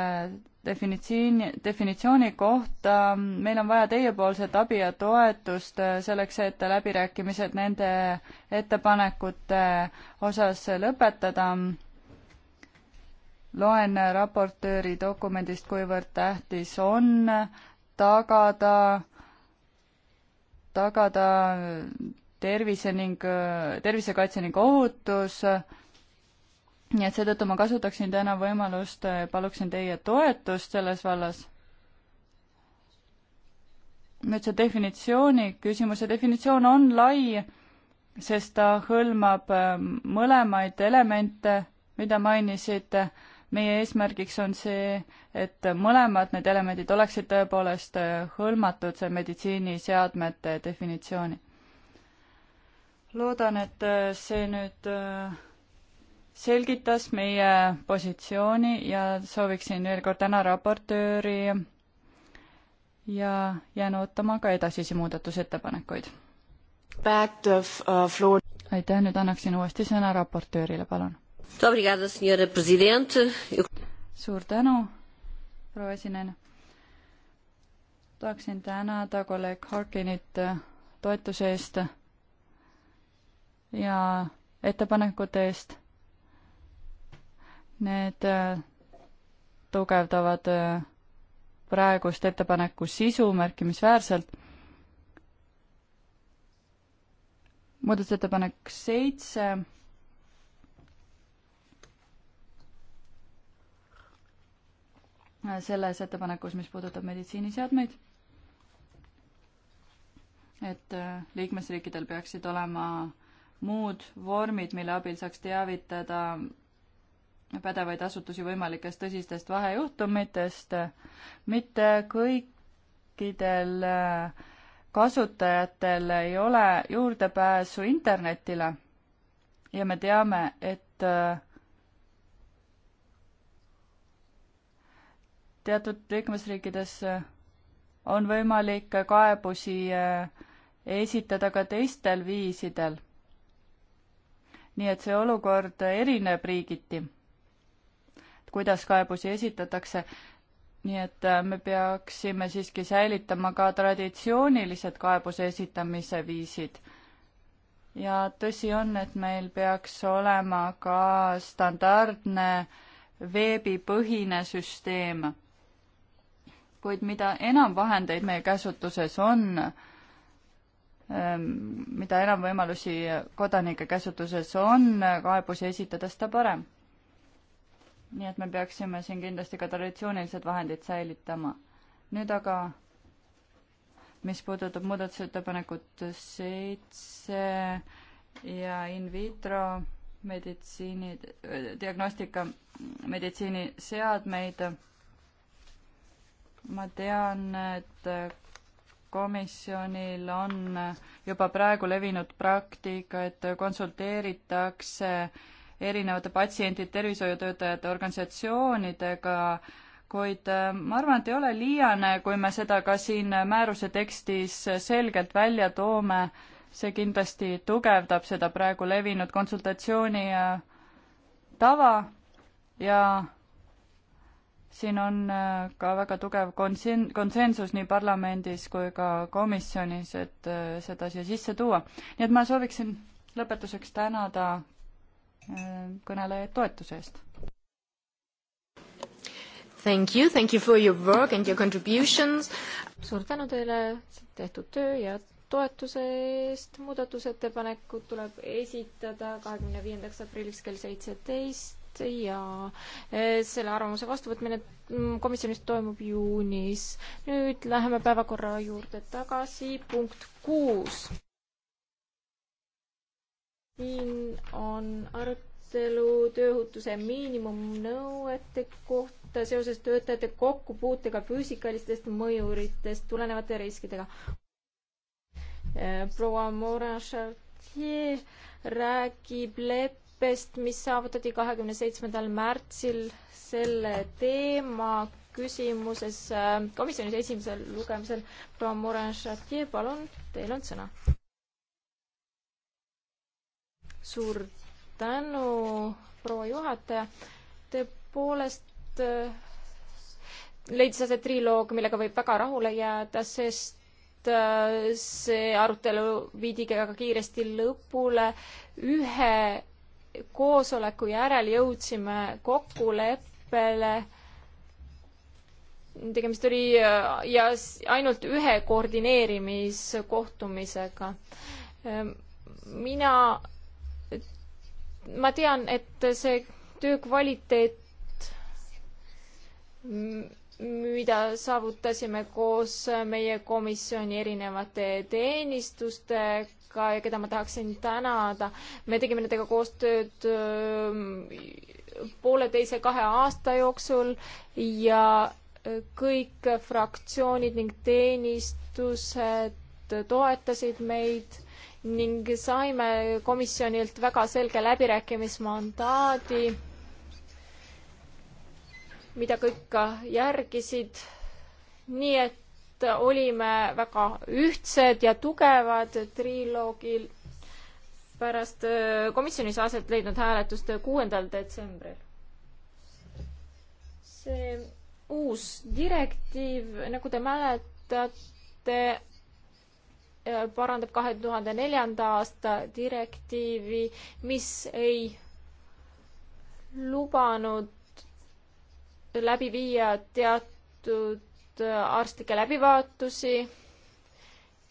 definitsiini, definitsiooni kohta, meil on vaja teiepoolset abi ja toetust selleks, et läbirääkimised nende ettepanekute osas lõpetada loen raportööri dokumendist, kuivõrd tähtis on tagada, tagada tervise ning, tervisekaitse ning ohutus. nii et seetõttu ma kasutaksin täna võimalust, paluksin teie toetust selles vallas. nüüd see definitsiooni küsimus, see definitsioon on lai, sest ta hõlmab ähm, mõlemaid elemente, mida mainisite meie eesmärgiks on see, et mõlemad need elemendid oleksid tõepoolest hõlmatud meditsiiniseadmete definitsiooni. loodan, et see nüüd äh, selgitas meie positsiooni ja sooviksin veel kord täna raportööri ja jään ootama ka edasisi muudatusettepanekuid. Uh, aitäh, nüüd annaksin uuesti sõna raportöörile, palun suur tänu, proua esinaine. tahaksin tänada kolleeg Harkinit äh, toetuse eest ja ettepanekute eest. Need äh, tugevdavad äh, praegust ettepaneku sisu märkimisväärselt. muudatusettepanek seitse selles ettepanekus, mis puudutab meditsiiniseadmeid. et äh, liikmesriikidel peaksid olema muud vormid, mille abil saaks teavitada pädevaid asutusi võimalikest tõsistest vahejuhtumitest, mitte kõikidel äh, kasutajatel ei ole juurdepääsu internetile. ja me teame, et äh, teatud liikmesriikides eh, on võimalik kaebusi eh, esitada ka teistel viisidel. nii et see olukord erineb riigiti, kuidas kaebusi esitatakse. nii et eh, me peaksime siiski säilitama ka traditsioonilised kaebuse esitamise viisid. ja tõsi on, et meil peaks olema ka standardne veebipõhine süsteem kuid mida enam vahendeid meie käsutuses on, ähm, mida enam võimalusi kodanike käsutuses on kaebusi esitada, seda parem. nii et me peaksime siin kindlasti ka traditsioonilised vahendid säilitama. nüüd aga, mis puudutab muudatusettepanekut seitse ja in vitro meditsiini, diagnostika meditsiiniseadmeid ma tean, et komisjonil on juba praegu levinud praktika, et konsulteeritakse erinevate patsientide, tervishoiutöötajate organisatsioonidega, kuid äh, ma arvan, et ei ole liiane, kui me seda ka siin määruse tekstis selgelt välja toome. see kindlasti tugevdab seda praegu levinud konsultatsiooni äh, tava ja siin on äh, ka väga tugev konsen-, konsensus nii parlamendis kui ka komisjonis, et äh, seda siia sisse tuua. nii et ma sooviksin lõpetuseks tänada äh, kõnelejaid toetuse eest. Thank you, thank you for your work and your contributions. suur tänu teile tehtud töö ja toetuse eest. muudatusettepanekud tuleb esitada kahekümne viiendaks aprilliks kell seitseteist ja eh, selle arvamuse vastuvõtmine mm, komisjonis toimub juunis. nüüd läheme päevakorra juurde tagasi, punkt kuus. siin on arutelu tööohutuse miinimumnõuete kohta seoses töötajate kokkupuutega füüsikalistest mõjuritest tulenevate riskidega. Eh, proua Morin Chartier räägib leppe kokkuleppest, mis saavutati kahekümne seitsmendal märtsil selle teema küsimuses äh, komisjonis esimesel lugemisel. proua Morin Chartier, palun, teil on sõna. suur tänu, proua juhataja. tõepoolest äh, leidis aset triloog, millega võib väga rahule jääda, sest äh, see arutelu viidi ka kiiresti lõpule ühe koosoleku järel jõudsime kokkuleppele, tegemist oli äh, ja ainult ühe koordineerimiskohtumisega. Ehm, mina, ma tean, et see töö kvaliteet, mida saavutasime koos meie komisjoni erinevate teenistustega, Kreeka ja keda ma tahaksin tänada. me tegime nendega koostööd ähm, pooleteise-kahe aasta jooksul ja äh, kõik fraktsioonid ning teenistused toetasid meid ning saime komisjonilt väga selge läbirääkimismandaadi, mida kõik ka järgisid. nii et et olime väga ühtsed ja tugevad triloogil pärast äh, komisjonis aset leidnud hääletust kuuendal detsembril. see uus direktiiv, nagu te mäletate, äh, parandab kahe tuhande neljanda aasta direktiivi, mis ei lubanud läbi viia teatud Äh, arstlikke läbivaatusi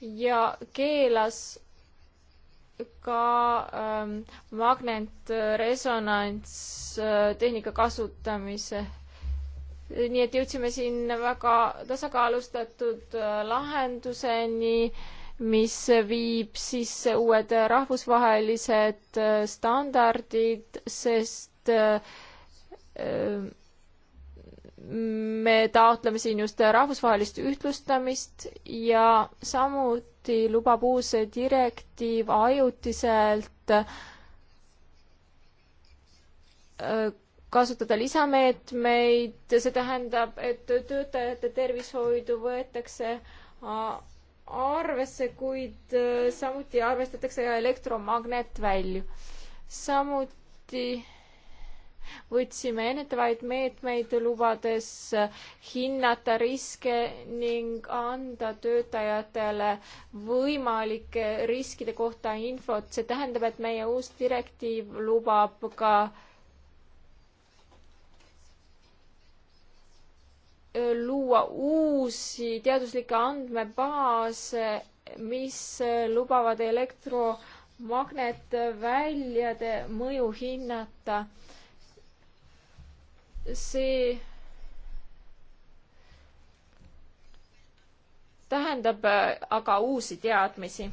ja keelas ka ähm, magnetresonantstehnika kasutamise. nii et jõudsime siin väga tasakaalustatud äh, lahenduseni, mis viib sisse uued rahvusvahelised äh, standardid, sest äh, me taotleme siin just rahvusvahelist ühtlustamist ja samuti lubab uus direktiiv ajutiselt äh, kasutada lisameetmeid, see tähendab, et töötajate tervishoidu võetakse äh, arvesse, kuid äh, samuti arvestatakse elektromagnetväljul. samuti võtsime ennetavaid meetmeid, lubades hinnata riske ning anda töötajatele võimalike riskide kohta infot. see tähendab, et meie uus direktiiv lubab ka äh, luua uusi teaduslikke andmebaase, mis äh, lubavad elektromagnetväljade mõju hinnata see tähendab äh, aga uusi teadmisi.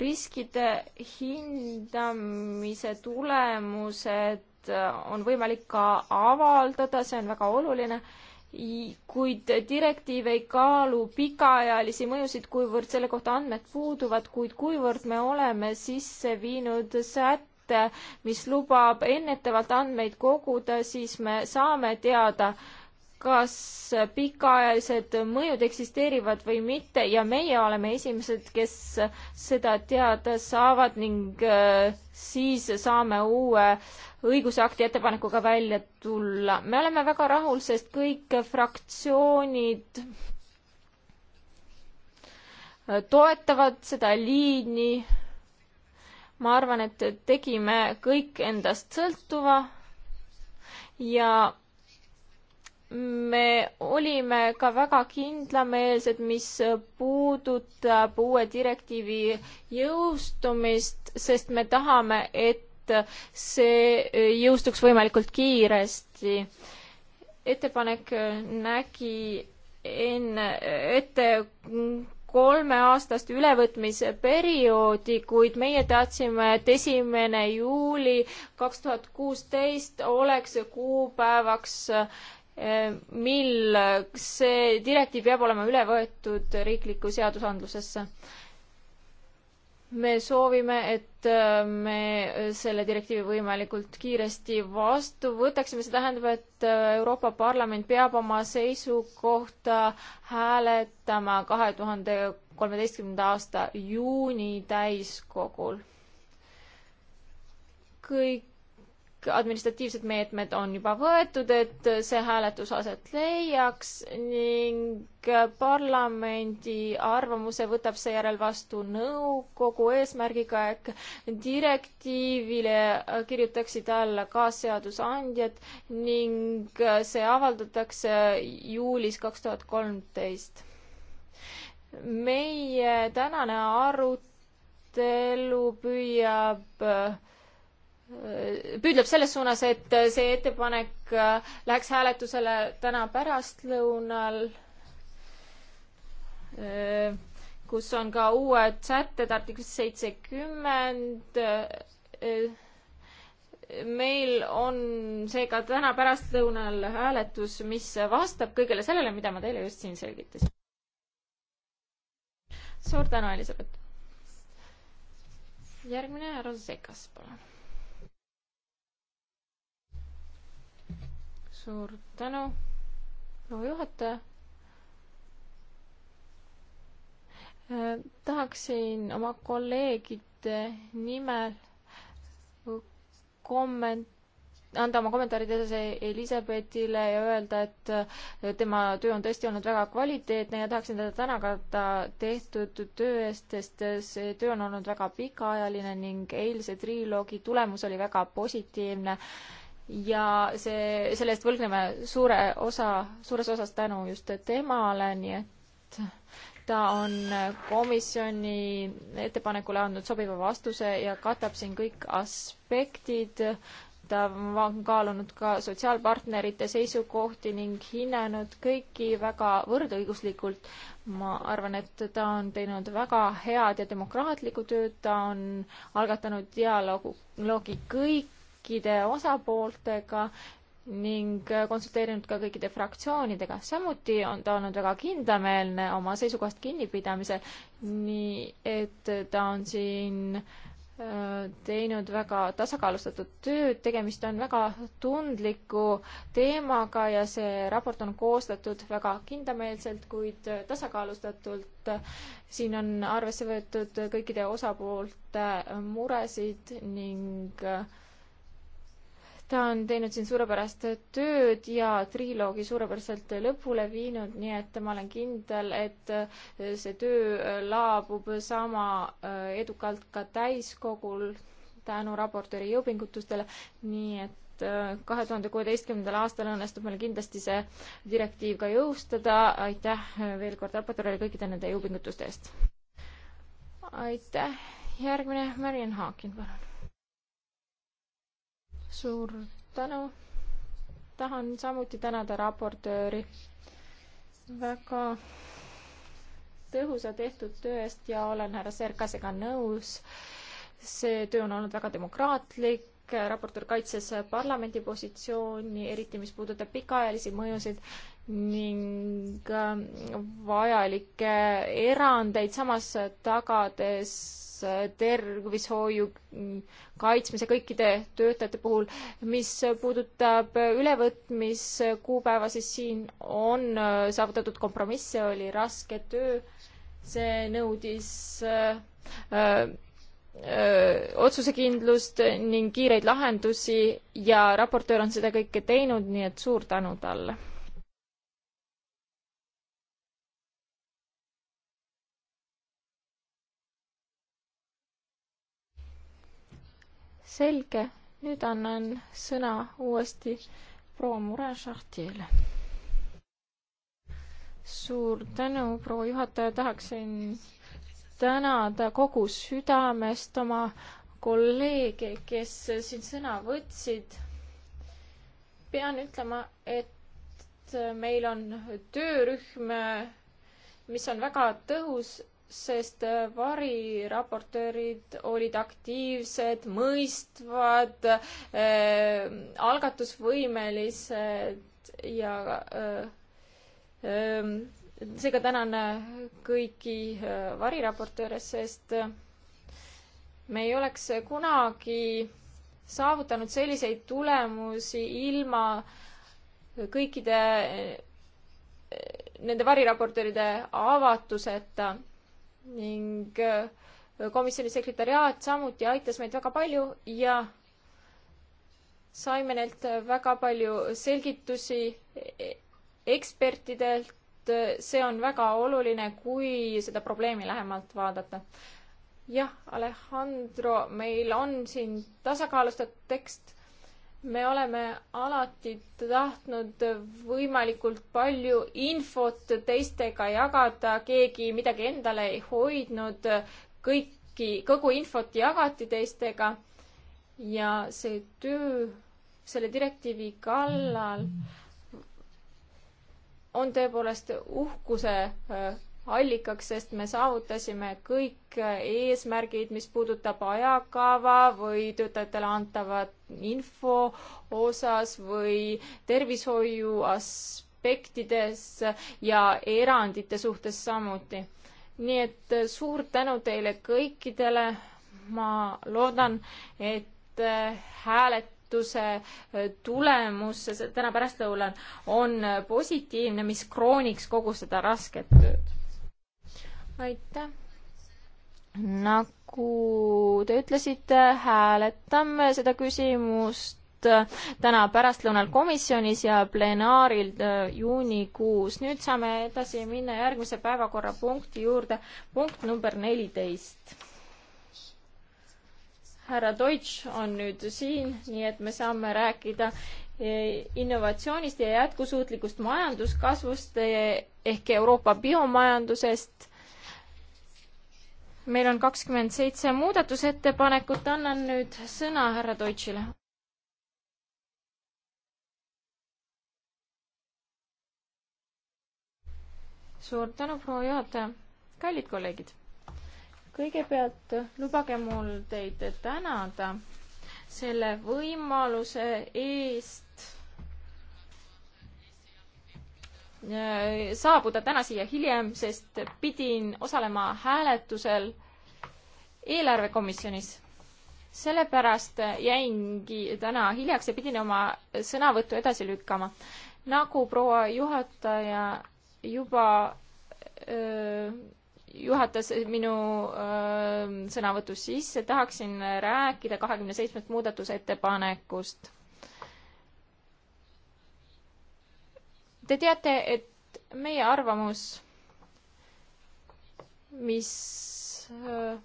riskide hindamise tulemused äh, on võimalik ka avaldada, see on väga oluline, kuid direktiiv ei kaalu pikaajalisi mõjusid, kuivõrd selle kohta andmed puuduvad, kuid kuivõrd me oleme sisse viinud sätte, säte, mis lubab ennetavalt andmeid koguda, siis me saame teada, kas pikaajalised mõjud eksisteerivad või mitte ja meie oleme esimesed, kes seda teada saavad ning äh, siis saame uue õigusakti ettepanekuga välja tulla. me oleme väga rahul, sest kõik fraktsioonid äh, toetavad seda liini ma arvan, et tegime kõik endast sõltuva ja me olime ka väga kindlameelsed, mis puudutab uue direktiivi jõustumist, sest me tahame, et see jõustuks võimalikult kiiresti. ettepanek nägi enne ette kolmeaastast ülevõtmise perioodi, kuid meie tahtsime, et esimene juuli kaks tuhat kuusteist oleks kuupäevaks, eh, mil see direktiiv peab olema üle võetud riiklikku seadusandlusesse me soovime, et äh, me selle direktiivi võimalikult kiiresti vastu võtaksime, see tähendab, et äh, Euroopa Parlament peab oma seisukohta hääletama kahe tuhande kolmeteistkümnenda aasta juuni täiskogul. kõik kõik administratiivsed meetmed on juba võetud, et see hääletus aset leiaks ning parlamendi arvamuse võtab seejärel vastu nõukogu eesmärgiga, et direktiivile kirjutaksid alla ka seadusandjad ning see avaldatakse juulis kaks tuhat kolmteist. meie tänane arutelu püüab püüdleb selles suunas, et see ettepanek äh, läheks hääletusele täna pärastlõunal, äh, kus on ka uued sätted artiklist seitsekümmend. Äh, meil on seega täna pärastlõunal hääletus, mis vastab kõigele sellele, mida ma teile just siin selgitasin. suur tänu, Elisabeth. järgmine härra Sekas, palun suur tänu, proua juhataja. Äh, tahaksin oma kolleegide nimel komment-, anda oma kommentaarid edasi Elizabethile ja öelda, et äh, tema töö on tõesti olnud väga kvaliteetne ja tahaksin teda tänada tehtud töö eest, sest äh, see töö on olnud väga pikaajaline ning eilse triloogi tulemus oli väga positiivne ja see, selle eest võlgneme suure osa, suures osas tänu just temale, nii et ta on komisjoni ettepanekule andnud sobiva vastuse ja katab siin kõik aspektid. ta on kaalunud ka sotsiaalpartnerite seisukohti ning hinnanud kõiki väga võrdõiguslikult. ma arvan, et ta on teinud väga head ja demokraatlikku tööd, ta on algatanud dialoogi kõik kõikide osapooltega ning konsulteerinud ka kõikide fraktsioonidega. samuti on ta olnud väga kindlameelne oma seisukohast kinnipidamisel, nii et ta on siin äh, teinud väga tasakaalustatud tööd, tegemist on väga tundliku teemaga ja see raport on koostatud väga kindlameelselt, kuid tasakaalustatult. siin on arvesse võetud kõikide osapoolte muresid ning äh, ta on teinud siin suurepärast tööd ja triloogi suurepäraselt lõpule viinud, nii et ma olen kindel, et see töö laabub sama äh, edukalt ka täiskogul tänu raportööri jõupingutustele, nii et äh, kahe tuhande kuueteistkümnendal aastal õnnestub meil kindlasti see direktiiv ka jõustada. aitäh veel kord raportöörile kõikide nende jõupingutuste eest. aitäh, järgmine Mariann Haakin, palun suur tänu. tahan samuti tänada raportööri väga tõhusa tehtud töö eest ja olen härra Serkasega nõus. see töö on olnud väga demokraatlik, raportöör kaitses parlamendi positsiooni, eriti mis puudutab pikaajalisi mõjusid ning vajalikke erandeid, samas tagades tervishoiu kaitsmise kõikide töötajate puhul. mis puudutab ülevõtmiskuupäeva, siis siin on äh, saavutatud kompromiss, see oli raske töö. see nõudis öö, äh, öö, äh, otsusekindlust ning kiireid lahendusi ja raportöör on seda kõike teinud, nii et suur tänu talle selge, nüüd annan sõna uuesti proua Murešahtile. suur tänu, proua juhataja, tahaksin tänada kogu südamest oma kolleege, kes siin sõna võtsid. pean ütlema, et meil on töörühm, mis on väga tõhus sest äh, variraportöörid olid aktiivsed, mõistvad äh,, algatusvõimelised ja äh, äh, seega tänan äh, kõiki äh, variraportööre, sest me ei oleks kunagi saavutanud selliseid tulemusi ilma kõikide nende variraportööride avatuseta ning äh, komisjoni sekretäriaat samuti aitas meid väga palju ja saime neilt väga palju selgitusi e-, ekspertidelt. see on väga oluline, kui seda probleemi lähemalt vaadata. jah, Alejandro, meil on siin tasakaalustatud tekst me oleme alati tahtnud võimalikult palju infot teistega jagada, keegi midagi endale ei hoidnud, kõiki, kogu infot jagati teistega ja see töö selle direktiivi kallal on tõepoolest uhkuse äh, allikaks, sest me saavutasime kõik eesmärgid, mis puudutab ajakava või töötajatele antavat info osas või tervishoiu aspektides ja erandite suhtes samuti. nii et suur tänu teile kõikidele. ma loodan, et hääled hääletuse tulemus täna pärastlõunal on positiivne, mis krooniks kogu seda rasket tööd aitäh. nagu te ütlesite, hääletame seda küsimust täna pärastlõunal komisjonis ja plenaaril äh, juunikuus. nüüd saame edasi minna järgmise päevakorrapunkti juurde, punkt number neliteist. härra Deutsch on nüüd siin, nii et me saame rääkida e, innovatsioonist ja jätkusuutlikust majanduskasvust e, ehk Euroopa biomajandusest meil on kakskümmend seitse muudatusettepanekut, annan nüüd sõna härra Deutschile. suur tänu, proua juhataja. kallid kolleegid, kõigepealt lubage mul teid tänada selle võimaluse eest Äh, saabuda täna siia hiljem, sest pidin osalema hääletusel eelarvekomisjonis. sellepärast jäingi täna hiljaks ja pidin oma sõnavõttu edasi lükkama. nagu proua juhataja juba öö, äh, juhatas minu öö, äh, sõnavõtu sisse, tahaksin rääkida kahekümne seitsmest muudatusettepanekust Te teate, et meie arvamus, mis äh,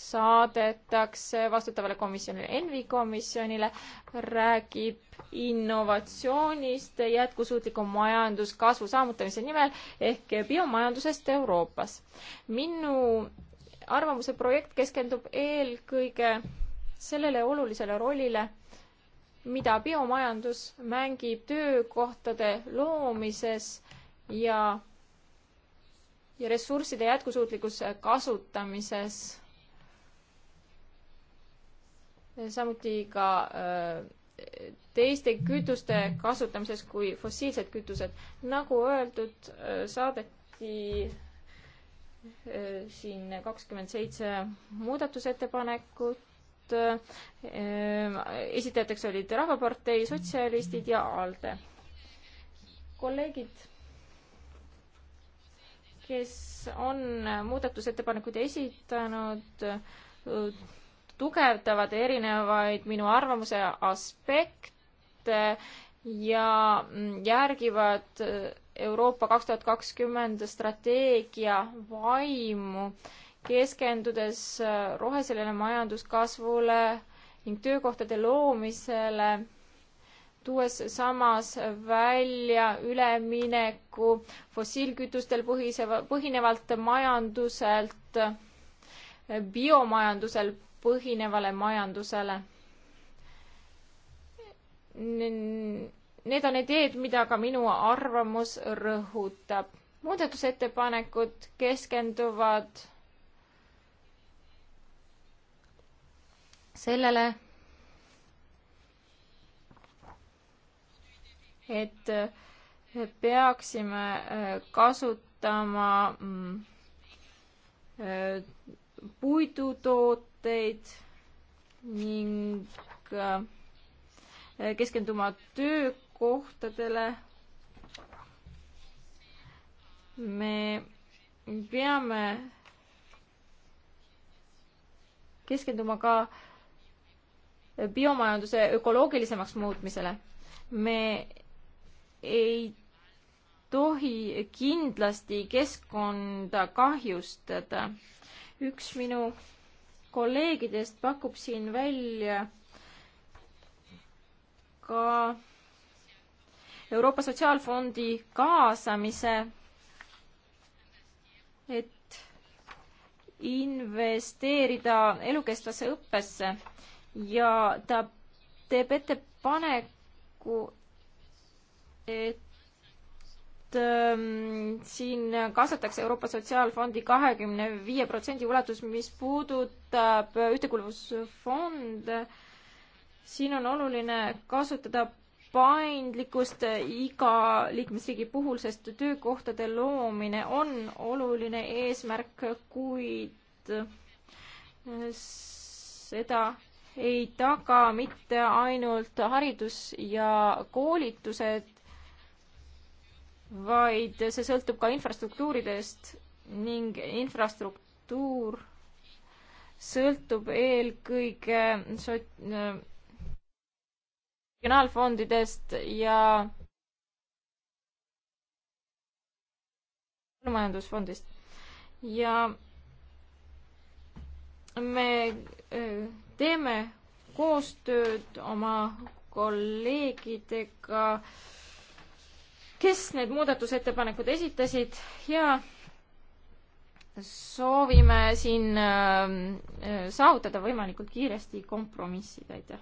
saadetakse vastutavale komisjonile, ENVI komisjonile, räägib innovatsioonist jätkusuutliku majanduskasvu saamutamise nimel ehk biomajandusest Euroopas. minu arvamuse projekt keskendub eelkõige sellele olulisele rollile, mida biomajandus mängib töökohtade loomises ja, ja ressursside jätkusuutlikus kasutamises samuti ka äh, teiste kütuste kasutamises kui fossiilsed kütused. nagu öeldud, äh, saadeti äh, siin kakskümmend seitse muudatusettepanekut poolt. Ehm, esitajateks olid Rahvapartei, sotsialistid ja ALDE. kolleegid, kes on muudatusettepanekuid esitanud, tugevdavad erinevaid minu arvamuse aspekte ja mm, järgivad Euroopa kaks tuhat kakskümmend strateegia vaimu keskendudes äh, rohelisele majanduskasvule ning töökohtade loomisele, tuues samas välja ülemineku fossiilkütustel põhiseva, põhinevalt majanduselt biomajandusel põhinevale majandusele. Need on need ideed, mida ka minu arvamus rõhutab. muudatusettepanekud keskenduvad sellele, et peaksime äh, kasutama mm, äh, puidutooteid ning äh, keskenduma töökohtadele. me peame keskenduma ka äh, biomajanduse ökoloogilisemaks muutmisele. me ei tohi kindlasti keskkonda kahjustada. üks minu kolleegidest pakub siin välja ka Euroopa Sotsiaalfondi kaasamise, et investeerida elukestvasse õppesse ja ta teeb ettepaneku, et ähm, siin kaasatakse Euroopa Sotsiaalfondi kahekümne viie protsendi ulatus, mis puudutab ühtekuuluvusfonde. siin on oluline kasutada paindlikkust iga liikmesriigi puhul, sest töökohtade loomine on oluline eesmärk, kuid äh, seda ei taga mitte ainult haridus ja koolitused, vaid see sõltub ka infrastruktuuridest ning infrastruktuur sõltub eelkõige sot-, regionaalfondidest ja majandusfondist ja me äh, teeme koostööd oma kolleegidega, kes need muudatusettepanekud esitasid ja soovime siin äh, äh, saavutada võimalikult kiiresti kompromissid, aitäh.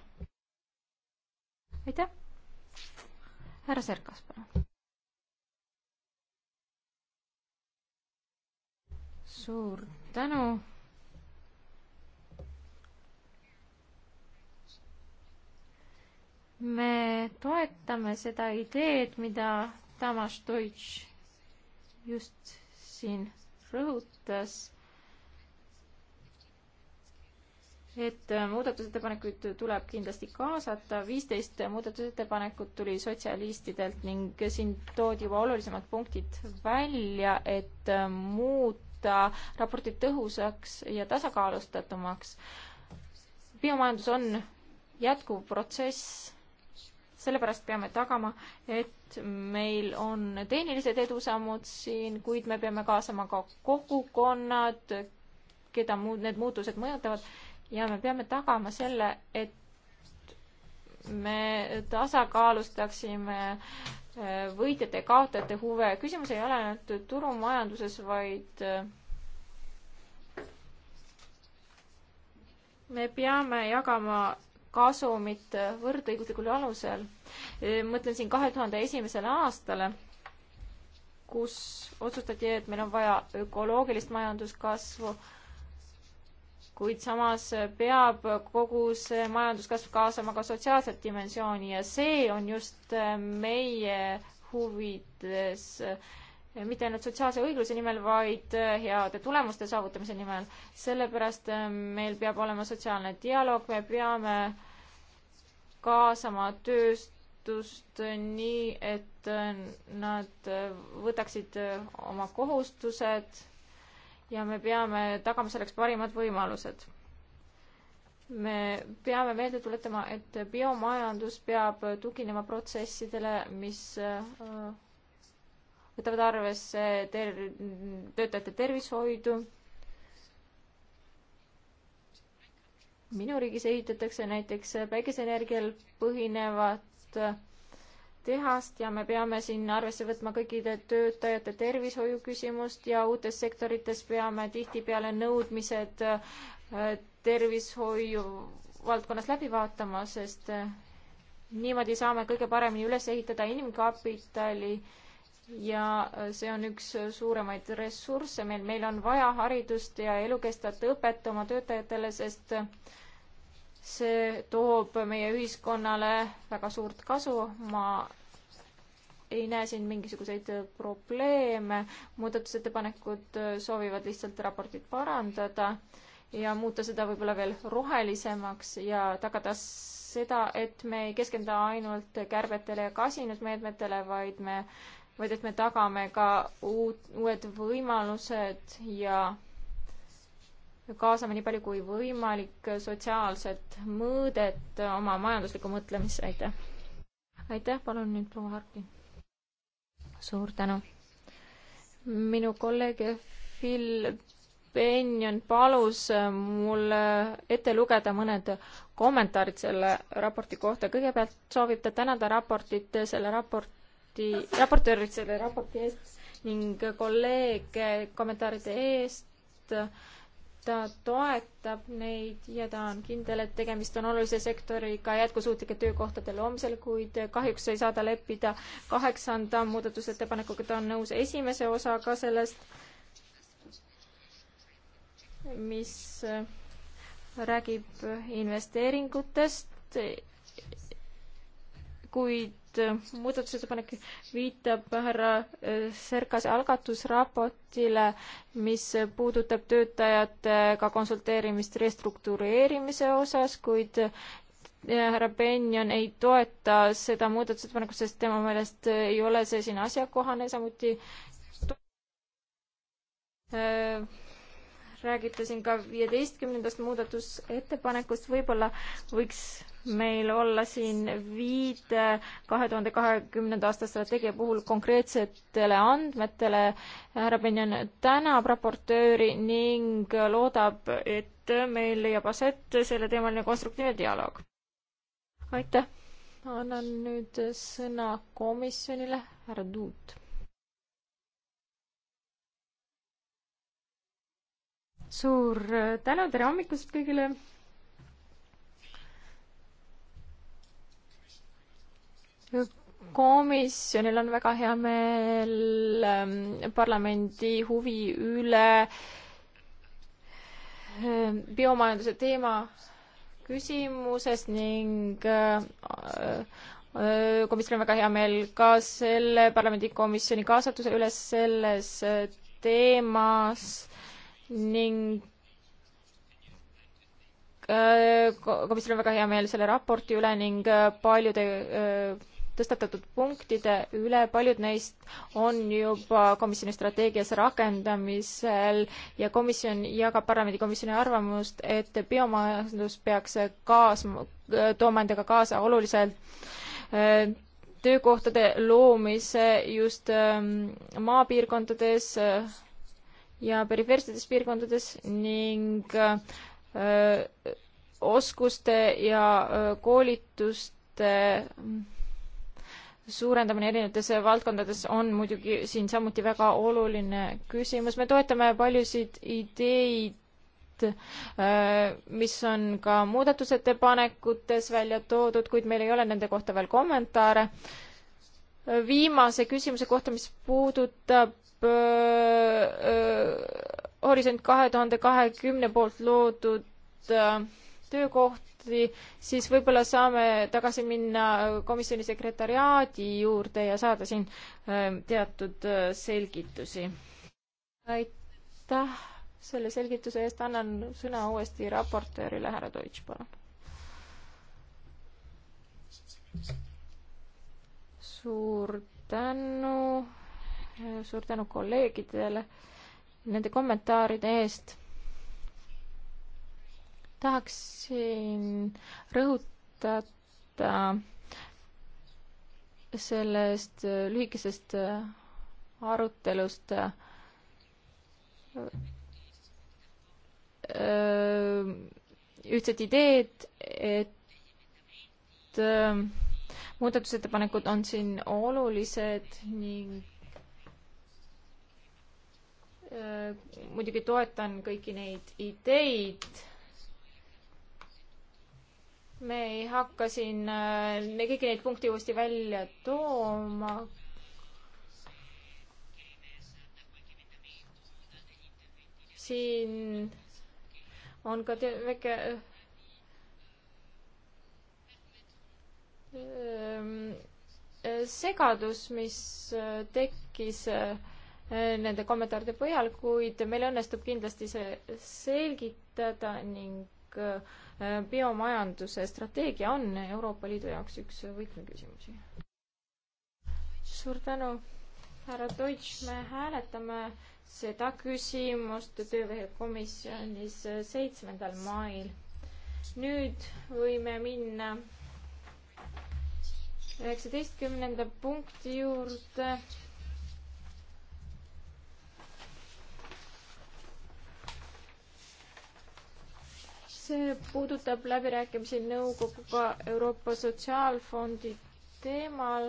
aitäh. härra Serkas, palun. suur tänu me toetame seda ideed, mida Tamas Deutsch just siin rõhutas, et muudatusettepanekuid tuleb kindlasti kaasata, viisteist muudatusettepanekut tuli sotsialistidelt ning siin toodi juba olulisemad punktid välja, et muuta raportit tõhusaks ja tasakaalustatumaks. biomajandus on jätkuv protsess sellepärast peame tagama, et meil on tehnilised edusammud siin, kuid me peame kaasama ka kogukonnad, keda muud, need muutused mõjutavad ja me peame tagama selle, et me tasakaalustaksime äh, võitjate ja kaotajate huve. küsimus ei ole ainult turumajanduses, vaid äh, me peame jagama kasumit võrdõiguslikul alusel. mõtlen siin kahe tuhande esimesele aastale, kus otsustati, et meil on vaja ökoloogilist majanduskasvu, kuid samas peab kogu see majanduskasv kaasama ka sotsiaalset dimensiooni ja see on just meie huvides mitte ainult sotsiaalse õigluse nimel, vaid äh, heade tulemuste saavutamise nimel. sellepärast äh, meil peab olema sotsiaalne dialoog, me peame kaasama tööstust nii, et äh, nad võtaksid oma kohustused ja me peame tagama selleks parimad võimalused. me peame meelde tuletama, et biomajandus peab tuginema protsessidele, mis võtavad arvesse ter-, töötajate tervishoidu. minu riigis ehitatakse näiteks päikeseenergial põhinevat tehast ja me peame siin arvesse võtma kõikide töötajate tervishoiu küsimust ja uutes sektorites peame tihtipeale nõudmised äh, tervishoiu valdkonnas läbi vaatama, sest äh, niimoodi saame kõige paremini üles ehitada inimkapitali äh, ja äh, see on üks äh, suuremaid ressursse meil, meil on vaja haridust ja elukestvat õpet oma töötajatele, sest äh, see toob meie ühiskonnale väga suurt kasu, ma ei näe siin mingisuguseid probleeme, muudatusettepanekud soovivad lihtsalt raportit parandada ja muuta seda võib-olla veel rohelisemaks ja tagada seda, et me ei keskenda ainult kärbetele ja kasinusmeetmetele, vaid me äh, vaid et me tagame ka uut, uued võimalused ja kaasame nii palju kui võimalik sotsiaalset mõõdet oma majanduslikku mõtlemisse, aitäh. aitäh, palun nüüd proua Harkin. suur tänu. minu kolleeg Phil Benjon palus mul ette lugeda mõned kommentaarid selle raporti kohta. kõigepealt soovib ta tänada raportit selle raport raporti, raportöörid selle raporti eest ning kolleege kommentaaride eest. ta toetab neid ja ta on kindel, et tegemist on olulise sektoriga jätkusuutlike töökohtade loomisel, kuid kahjuks ei saa ta leppida kaheksanda muudatusettepanekuga, ta on nõus esimese osaga sellest, mis räägib investeeringutest kuid äh, muudatusettepanek viitab härra äh, Serkase algatusraportile, mis puudutab töötajatega konsulteerimist restruktureerimise osas, kuid äh, härra Benjon ei toeta seda muudatusettepanekut, sest tema meelest ei ole see siin asjakohane, samuti räägite siin ka viieteistkümnendast muudatusettepanekust, võib-olla võiks meil olla siin viide kahe tuhande kahekümnenda aasta strateegia puhul konkreetsetele andmetele. härra Benjan tänab raportööri ning loodab, et meil leiab aset selleteemaline konstruktiivne dialoog. aitäh, annan nüüd sõna komisjonile, härra Tuut suur äh, tänu, tere hommikust kõigile. komisjonil on väga hea meel ähm, parlamendi huvi üle ähm, biomajanduse teema küsimuses ning äh, äh, komisjonil on väga hea meel ka selle parlamendikomisjoni kaasatuse üles selles teemas äh, ning äh, komisjonil on väga hea meel selle raporti üle ning äh, paljude äh, tõstatatud punktide üle, paljud neist on juba komisjoni strateegias rakendamisel ja komisjon jagab parlamendikomisjoni arvamust, et biomajandus peaks kaas-, tooma endaga kaasa oluliselt töökohtade loomise just ähm, maapiirkondades ja perifeersetes piirkondades ning öö, äh, oskuste ja öö, äh, koolituste mm, suurendamine erinevates valdkondades on muidugi siin samuti väga oluline küsimus. me toetame paljusid ideid, äh, mis on ka muudatusettepanekutes välja toodud, kuid meil ei ole nende kohta veel kommentaare. viimase küsimuse kohta, mis puudutab Äh, äh, Horisont kahe tuhande kahekümne poolt loodud äh, töökohti, siis võib-olla saame tagasi minna komisjoni sekretariaadi juurde ja saada siin teatud selgitusi. aitäh selle selgituse eest, annan sõna uuesti raportöörile, härra Deutsch, palun. suur tänu suur tänu kolleegidele nende kommentaaride eest. tahaksin rõhutada sellest lühikesest arutelust äh, äh, ühtset ideed, et äh, muudatusettepanekud on siin olulised ning Äh, muidugi toetan kõiki neid ideid. me ei hakka siin äh, me kõiki neid punkte uuesti välja tooma. siin on ka väike äh, segadus, mis tekkis äh, nende kommentaaride põhjal, kuid meil õnnestub kindlasti see selgitada ning äh, biomajanduse strateegia on Euroopa Liidu jaoks üks võtmeküsimusi. suur tänu, härra Deutsch, me hääletame seda küsimust tööveekomisjonis seitsmendal mail. nüüd võime minna üheksateistkümnenda punkti juurde see puudutab läbirääkimisi nõukoguga Euroopa Sotsiaalfondi teemal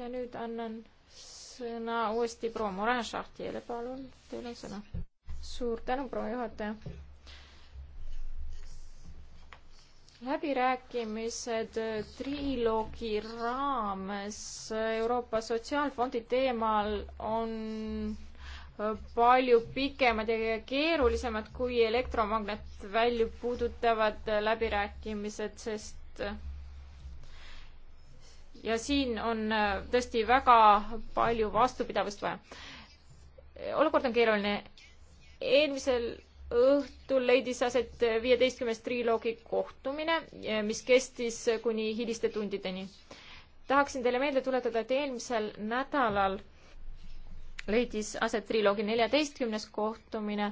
ja nüüd annan sõna uuesti proua Morin Šahtile, palun, teil on sõna. suur tänu, proua juhataja. läbirääkimised triloogi raames Euroopa Sotsiaalfondi teemal on palju pikemad ja keerulisemad kui elektromagnetväli puudutavad läbirääkimised, sest ja siin on äh, tõesti väga palju vastupidavust vaja. olukord on keeruline. eelmisel õhtul leidis aset viieteistkümnes triloogi kohtumine, äh, mis kestis kuni hiliste tundideni. tahaksin teile meelde tuletada, et eelmisel nädalal leidis aset triloogi neljateistkümnes kohtumine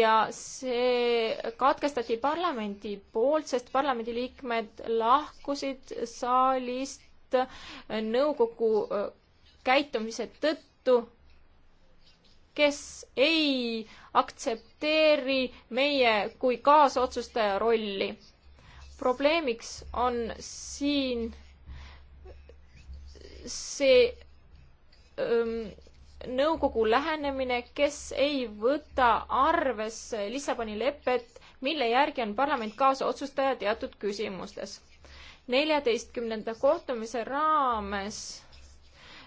ja see katkestati parlamendi poolt, sest parlamendiliikmed lahkusid saalist nõukogu äh, käitumise tõttu, kes ei aktsepteeri meie kui kaasotsustaja rolli. probleemiks on siin see ähm, nõukogu lähenemine, kes ei võta arvesse Lissaboni lepet, mille järgi on parlament kaasotsustaja teatud küsimustes. neljateistkümnenda kohtumise raames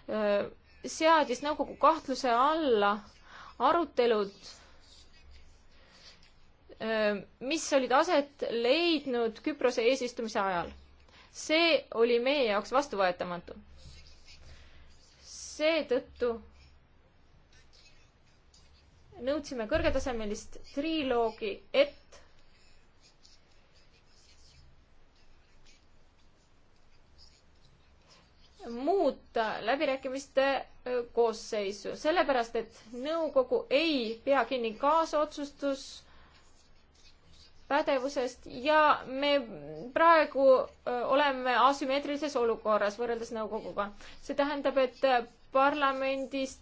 öö, seadis nõukogu kahtluse alla arutelud, mis olid aset leidnud Küprose eesistumise ajal. see oli meie jaoks vastuvõetamatu. seetõttu nõudsime kõrgetasemelist triloogi, et muuta läbirääkimiste äh, koosseisu, sellepärast et nõukogu ei pea kinni kaasotsustus pädevusest ja me praegu äh, oleme asümmeetrilises olukorras võrreldes nõukoguga. see tähendab, et äh, parlamendist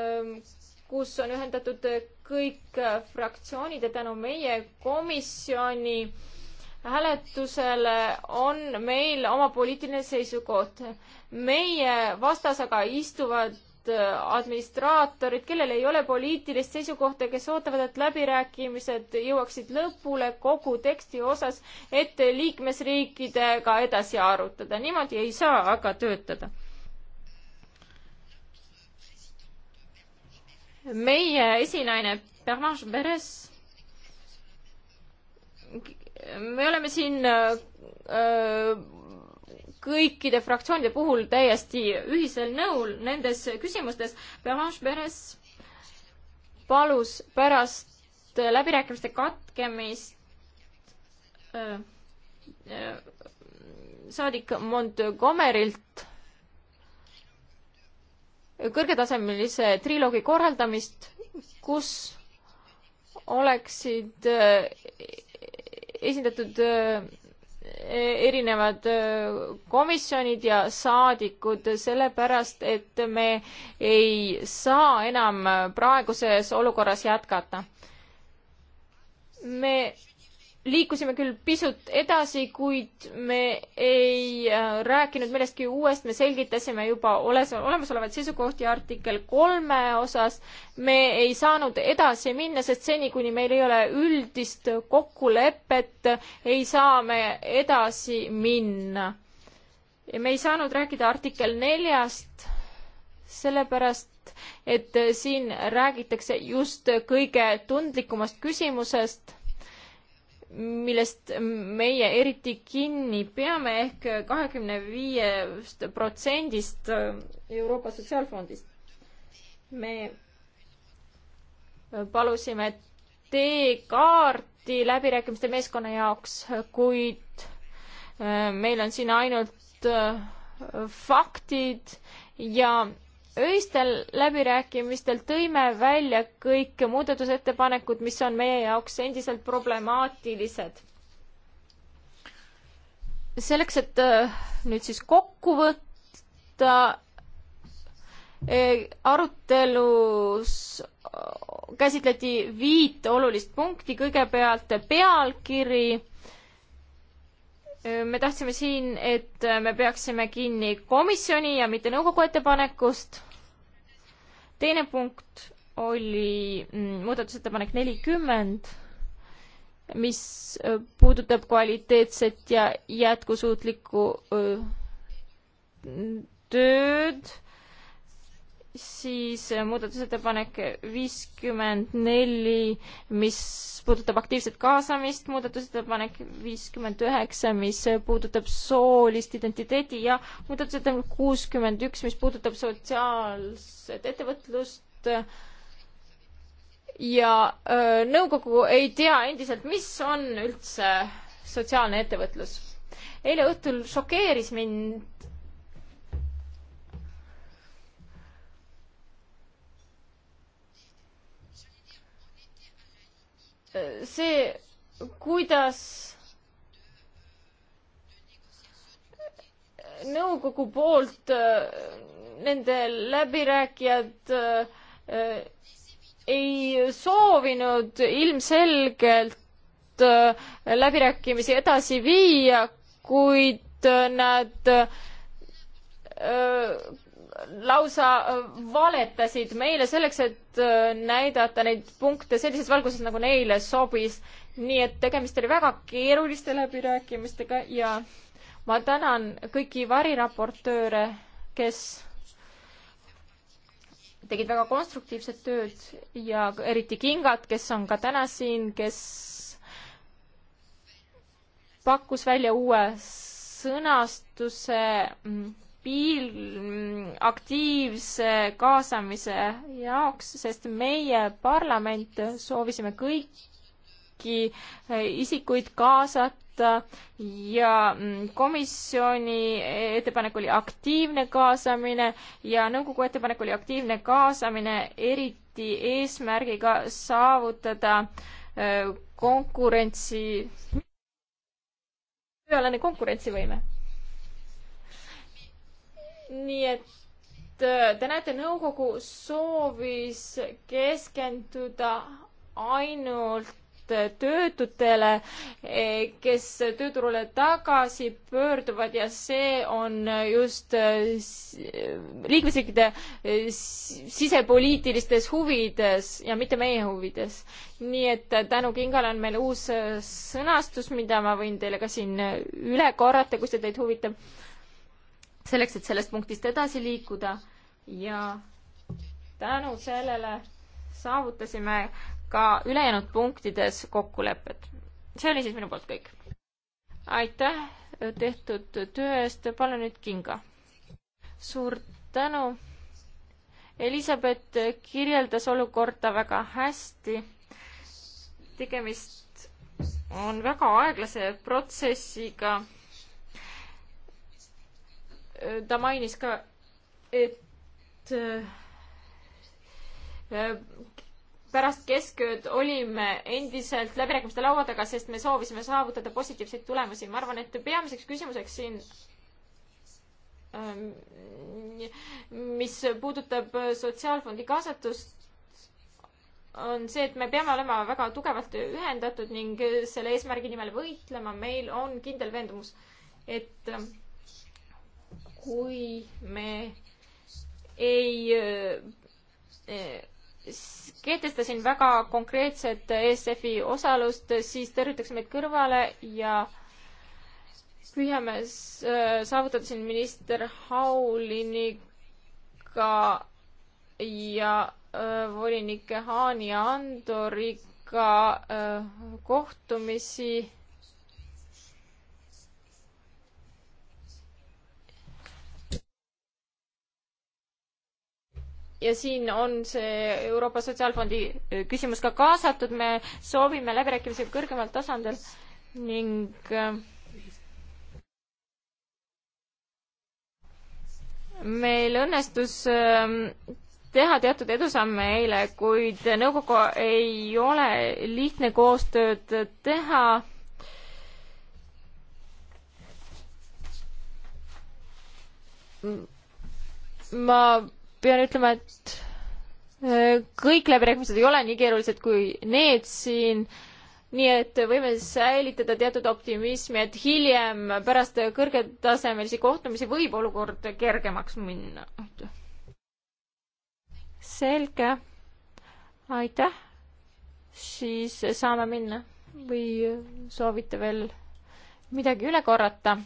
Ehm, kus on ühendatud kõik fraktsioonid ja tänu meie komisjoni hääletusele on meil oma poliitiline seisukoht. meie vastas aga istuvad äh, administraatorid, kellel ei ole poliitilist seisukohta, kes ootavad, et läbirääkimised jõuaksid lõpule kogu teksti osas, et liikmesriikidega edasi arutada. niimoodi ei saa aga töötada meie esinaine Pervanche Beres, me oleme siin öö, äh, äh, kõikide fraktsioonide puhul täiesti ühisel nõul nendes küsimustes. Pervanche Beres palus pärast läbirääkimiste katkemist öö, äh, öö, saadik Montgomerilt kõrgetasemelise triloogi korraldamist, kus oleksid äh, esindatud äh, erinevad äh, komisjonid ja saadikud, sellepärast et me ei saa enam praeguses olukorras jätkata. me liikusime küll pisut edasi, kuid me ei äh, rääkinud millestki uuest, me selgitasime juba oles-, olemasolevaid seisukohti artikkel kolme osas. me ei saanud edasi minna, sest seni, kuni meil ei ole üldist kokkulepet, ei saa me edasi minna. me ei saanud rääkida artikkel neljast, sellepärast et siin räägitakse just kõige tundlikumast küsimusest millest meie eriti kinni peame ehk kahekümne viiest protsendist äh, Euroopa Sotsiaalfondist. me palusime teekaarti läbirääkimiste meeskonna jaoks, kuid äh, meil on siin ainult äh, faktid ja öistel läbirääkimistel tõime välja kõik muudatusettepanekud, mis on meie jaoks endiselt problemaatilised. selleks, et äh, nüüd siis kokku võtta, äh, arutelus äh, käsitleti viit olulist punkti, kõigepealt pealkiri me tahtsime siin, et me peaksime kinni komisjoni ja mitte nõukogu ettepanekust. teine punkt oli mm, muudatusettepanek nelikümmend, mis puudutab kvaliteetset ja jätkusuutlikku tööd siis äh, muudatusettepanek viiskümmend neli, mis puudutab aktiivset kaasamist, muudatusettepanek viiskümmend üheksa, mis puudutab soolist identiteeti ja muudatusettepanek kuuskümmend üks, mis puudutab sotsiaalset ettevõtlust. ja öö, äh, nõukogu ei tea endiselt, mis on üldse sotsiaalne ettevõtlus. eile õhtul šokeeris mind see, kuidas nõukogu poolt äh, nende läbirääkijad äh, ei soovinud ilmselgelt äh, läbirääkimisi edasi viia, kuid nad lausa äh, valetasid meile selleks, et äh, näidata neid punkte sellises valguses, nagu neile sobis. nii et tegemist oli väga keeruliste läbirääkimistega ja ma tänan kõiki variraportööre, kes tegid väga konstruktiivset tööd ja eriti Kingat, kes on ka täna siin, kes pakkus välja uue sõnastuse mm, stabiil-, mm, aktiivse kaasamise jaoks, sest meie parlament soovisime kõiki eh, isikuid kaasata ja mm, komisjoni ettepanek oli aktiivne kaasamine ja nõukogu ettepanek oli aktiivne kaasamine, eriti eesmärgiga saavutada eh, konkurentsi, tööalane konkurentsivõime nii et äh, te näete, nõukogu soovis keskenduda ainult äh, töötutele, äh, kes tööturule tagasi pöörduvad ja see on just liikmesriikide sisepoliitilistes huvides ja mitte meie huvides. nii et tänu Kingale on meil uus sõnastus, mida ma võin teile ka siin üle korrata, kui see teid huvitab selleks, et sellest punktist edasi liikuda ja tänu sellele saavutasime ka ülejäänud punktides kokkulepped. see oli siis minu poolt kõik. aitäh tehtud töö eest, palun nüüd kinga. suur tänu. Elizabeth kirjeldas olukorda väga hästi. tegemist on väga aeglase protsessiga ta mainis ka, et äh, äh, pärast keskööd olime endiselt läbirääkimiste laua taga, sest me soovisime saavutada positiivseid tulemusi. ma arvan, et peamiseks küsimuseks siin, ähm, mis puudutab sotsiaalfondi kaasatust, on see, et me peame olema väga tugevalt ühendatud ning selle eesmärgi nimel võitlema. meil on kindel veendumus, et kui me ei eh, eh, kehtesta siin väga konkreetset ESF-i osalust, siis tõrjutakse meid kõrvale ja püüame eh, saavutada siin minister Hauliniga ja volinike Haani ja Andoriga kohtumisi ja siin on see Euroopa Sotsiaalfondi äh, küsimus ka kaasatud, me soovime läbirääkimisi kõrgemal tasandil ning äh, meil õnnestus ähm, teha teatud edusamme eile, kuid nõukogu ei ole lihtne koostööd teha ma pean ütlema, et äh, kõik läbirääkimised ei ole nii keerulised kui need siin, nii et võime säilitada teatud optimismi, et hiljem pärast kõrgetasemelisi kohtumisi võib olukord kergemaks minna. selge, aitäh, siis saame minna või soovite veel midagi üle korrata?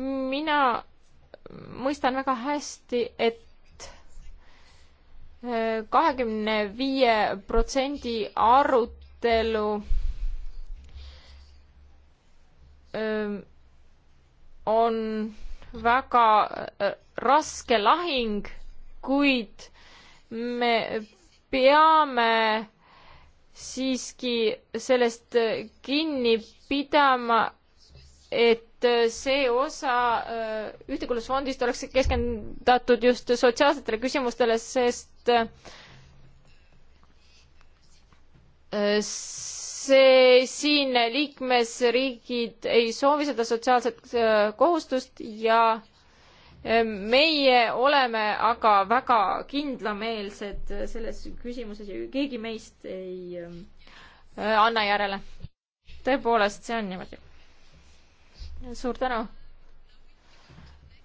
mina mõistan väga hästi, et kahekümne viie protsendi arutelu on väga raske lahing, kuid me peame siiski sellest kinni pidama et see osa äh, ühtekuuluvusfondist oleks keskendatud just sotsiaalsetele küsimustele, sest äh, see siin liikmesriigid ei soovi seda sotsiaalset äh, kohustust ja meie oleme aga väga kindlameelsed selles küsimuses ja keegi meist ei anna järele. tõepoolest, see on niimoodi suur tänu.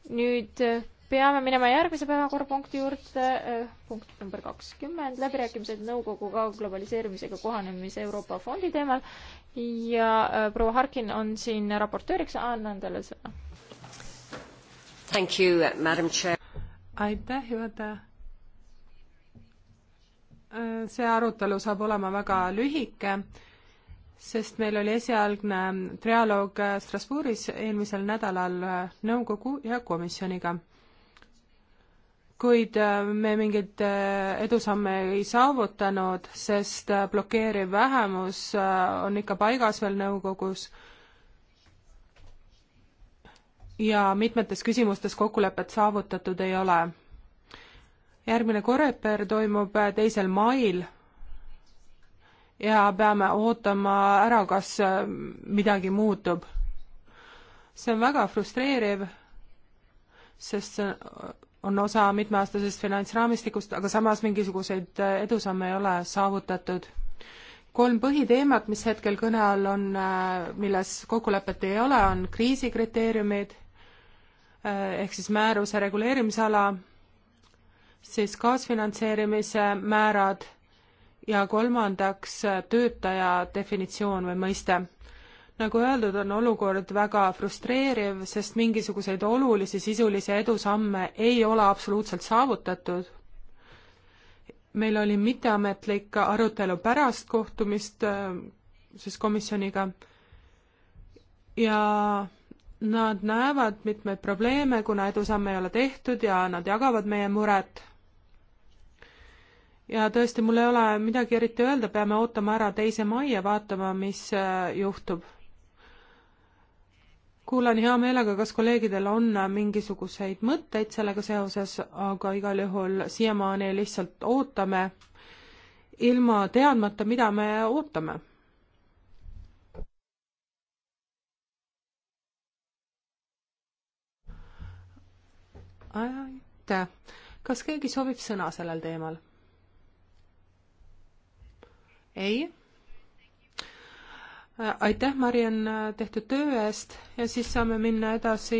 nüüd äh, peame minema järgmise päevakorrapunkti juurde, äh, punkt number kakskümmend, läbirääkimised nõukoguga globaliseerimisega kohanemise Euroopa fondi teemal ja äh, proua Harkin on siin raportööriks, annan talle sõna. Uh, aitäh, juhataja. see arutelu saab olema väga lühike sest meil oli esialgne trialoog äh, Strasbourgis eelmisel nädalal äh, nõukogu ja komisjoniga. kuid äh, me mingeid edusamme ei saavutanud, sest blokeeriv vähemus on ikka paigas veel nõukogus ja mitmetes küsimustes kokkulepet saavutatud ei ole. järgmine Koreper toimub teisel mail ja peame ootama ära, kas äh, midagi muutub. see on väga frustreeriv, sest see on osa mitmeaastasest finantsraamistikust, aga samas mingisuguseid äh, edusamme ei ole saavutatud. kolm põhiteemat, mis hetkel kõne all on, äh, milles kokkulepet ei ole, on kriisikriteeriumid ehk siis määruse reguleerimisala, siis kaasfinantseerimise määrad ja kolmandaks töötaja definitsioon või mõiste. nagu öeldud, on olukord väga frustreeriv, sest mingisuguseid olulisi sisulisi edusamme ei ole absoluutselt saavutatud. meil oli mitteametlik arutelu pärast kohtumist äh, siis komisjoniga ja nad näevad mitmeid probleeme, kuna edusamme ei ole tehtud ja nad jagavad meie muret ja tõesti, mul ei ole midagi eriti öelda, peame ootama ära teise mai ja vaatama, mis äh, juhtub. kuulan hea meelega, kas kolleegidel on äh, mingisuguseid mõtteid sellega seoses, aga igal juhul siiamaani lihtsalt ootame, ilma teadmata, mida me ootame aitäh. kas keegi soovib sõna sellel teemal? ei? aitäh, Mariann, tehtud töö eest ja siis saame minna edasi.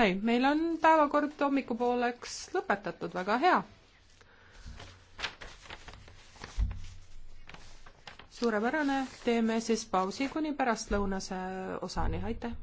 ei, meil on päevakord hommikupooleks lõpetatud, väga hea. suurepärane, teeme siis pausi kuni pärastlõunase osani, aitäh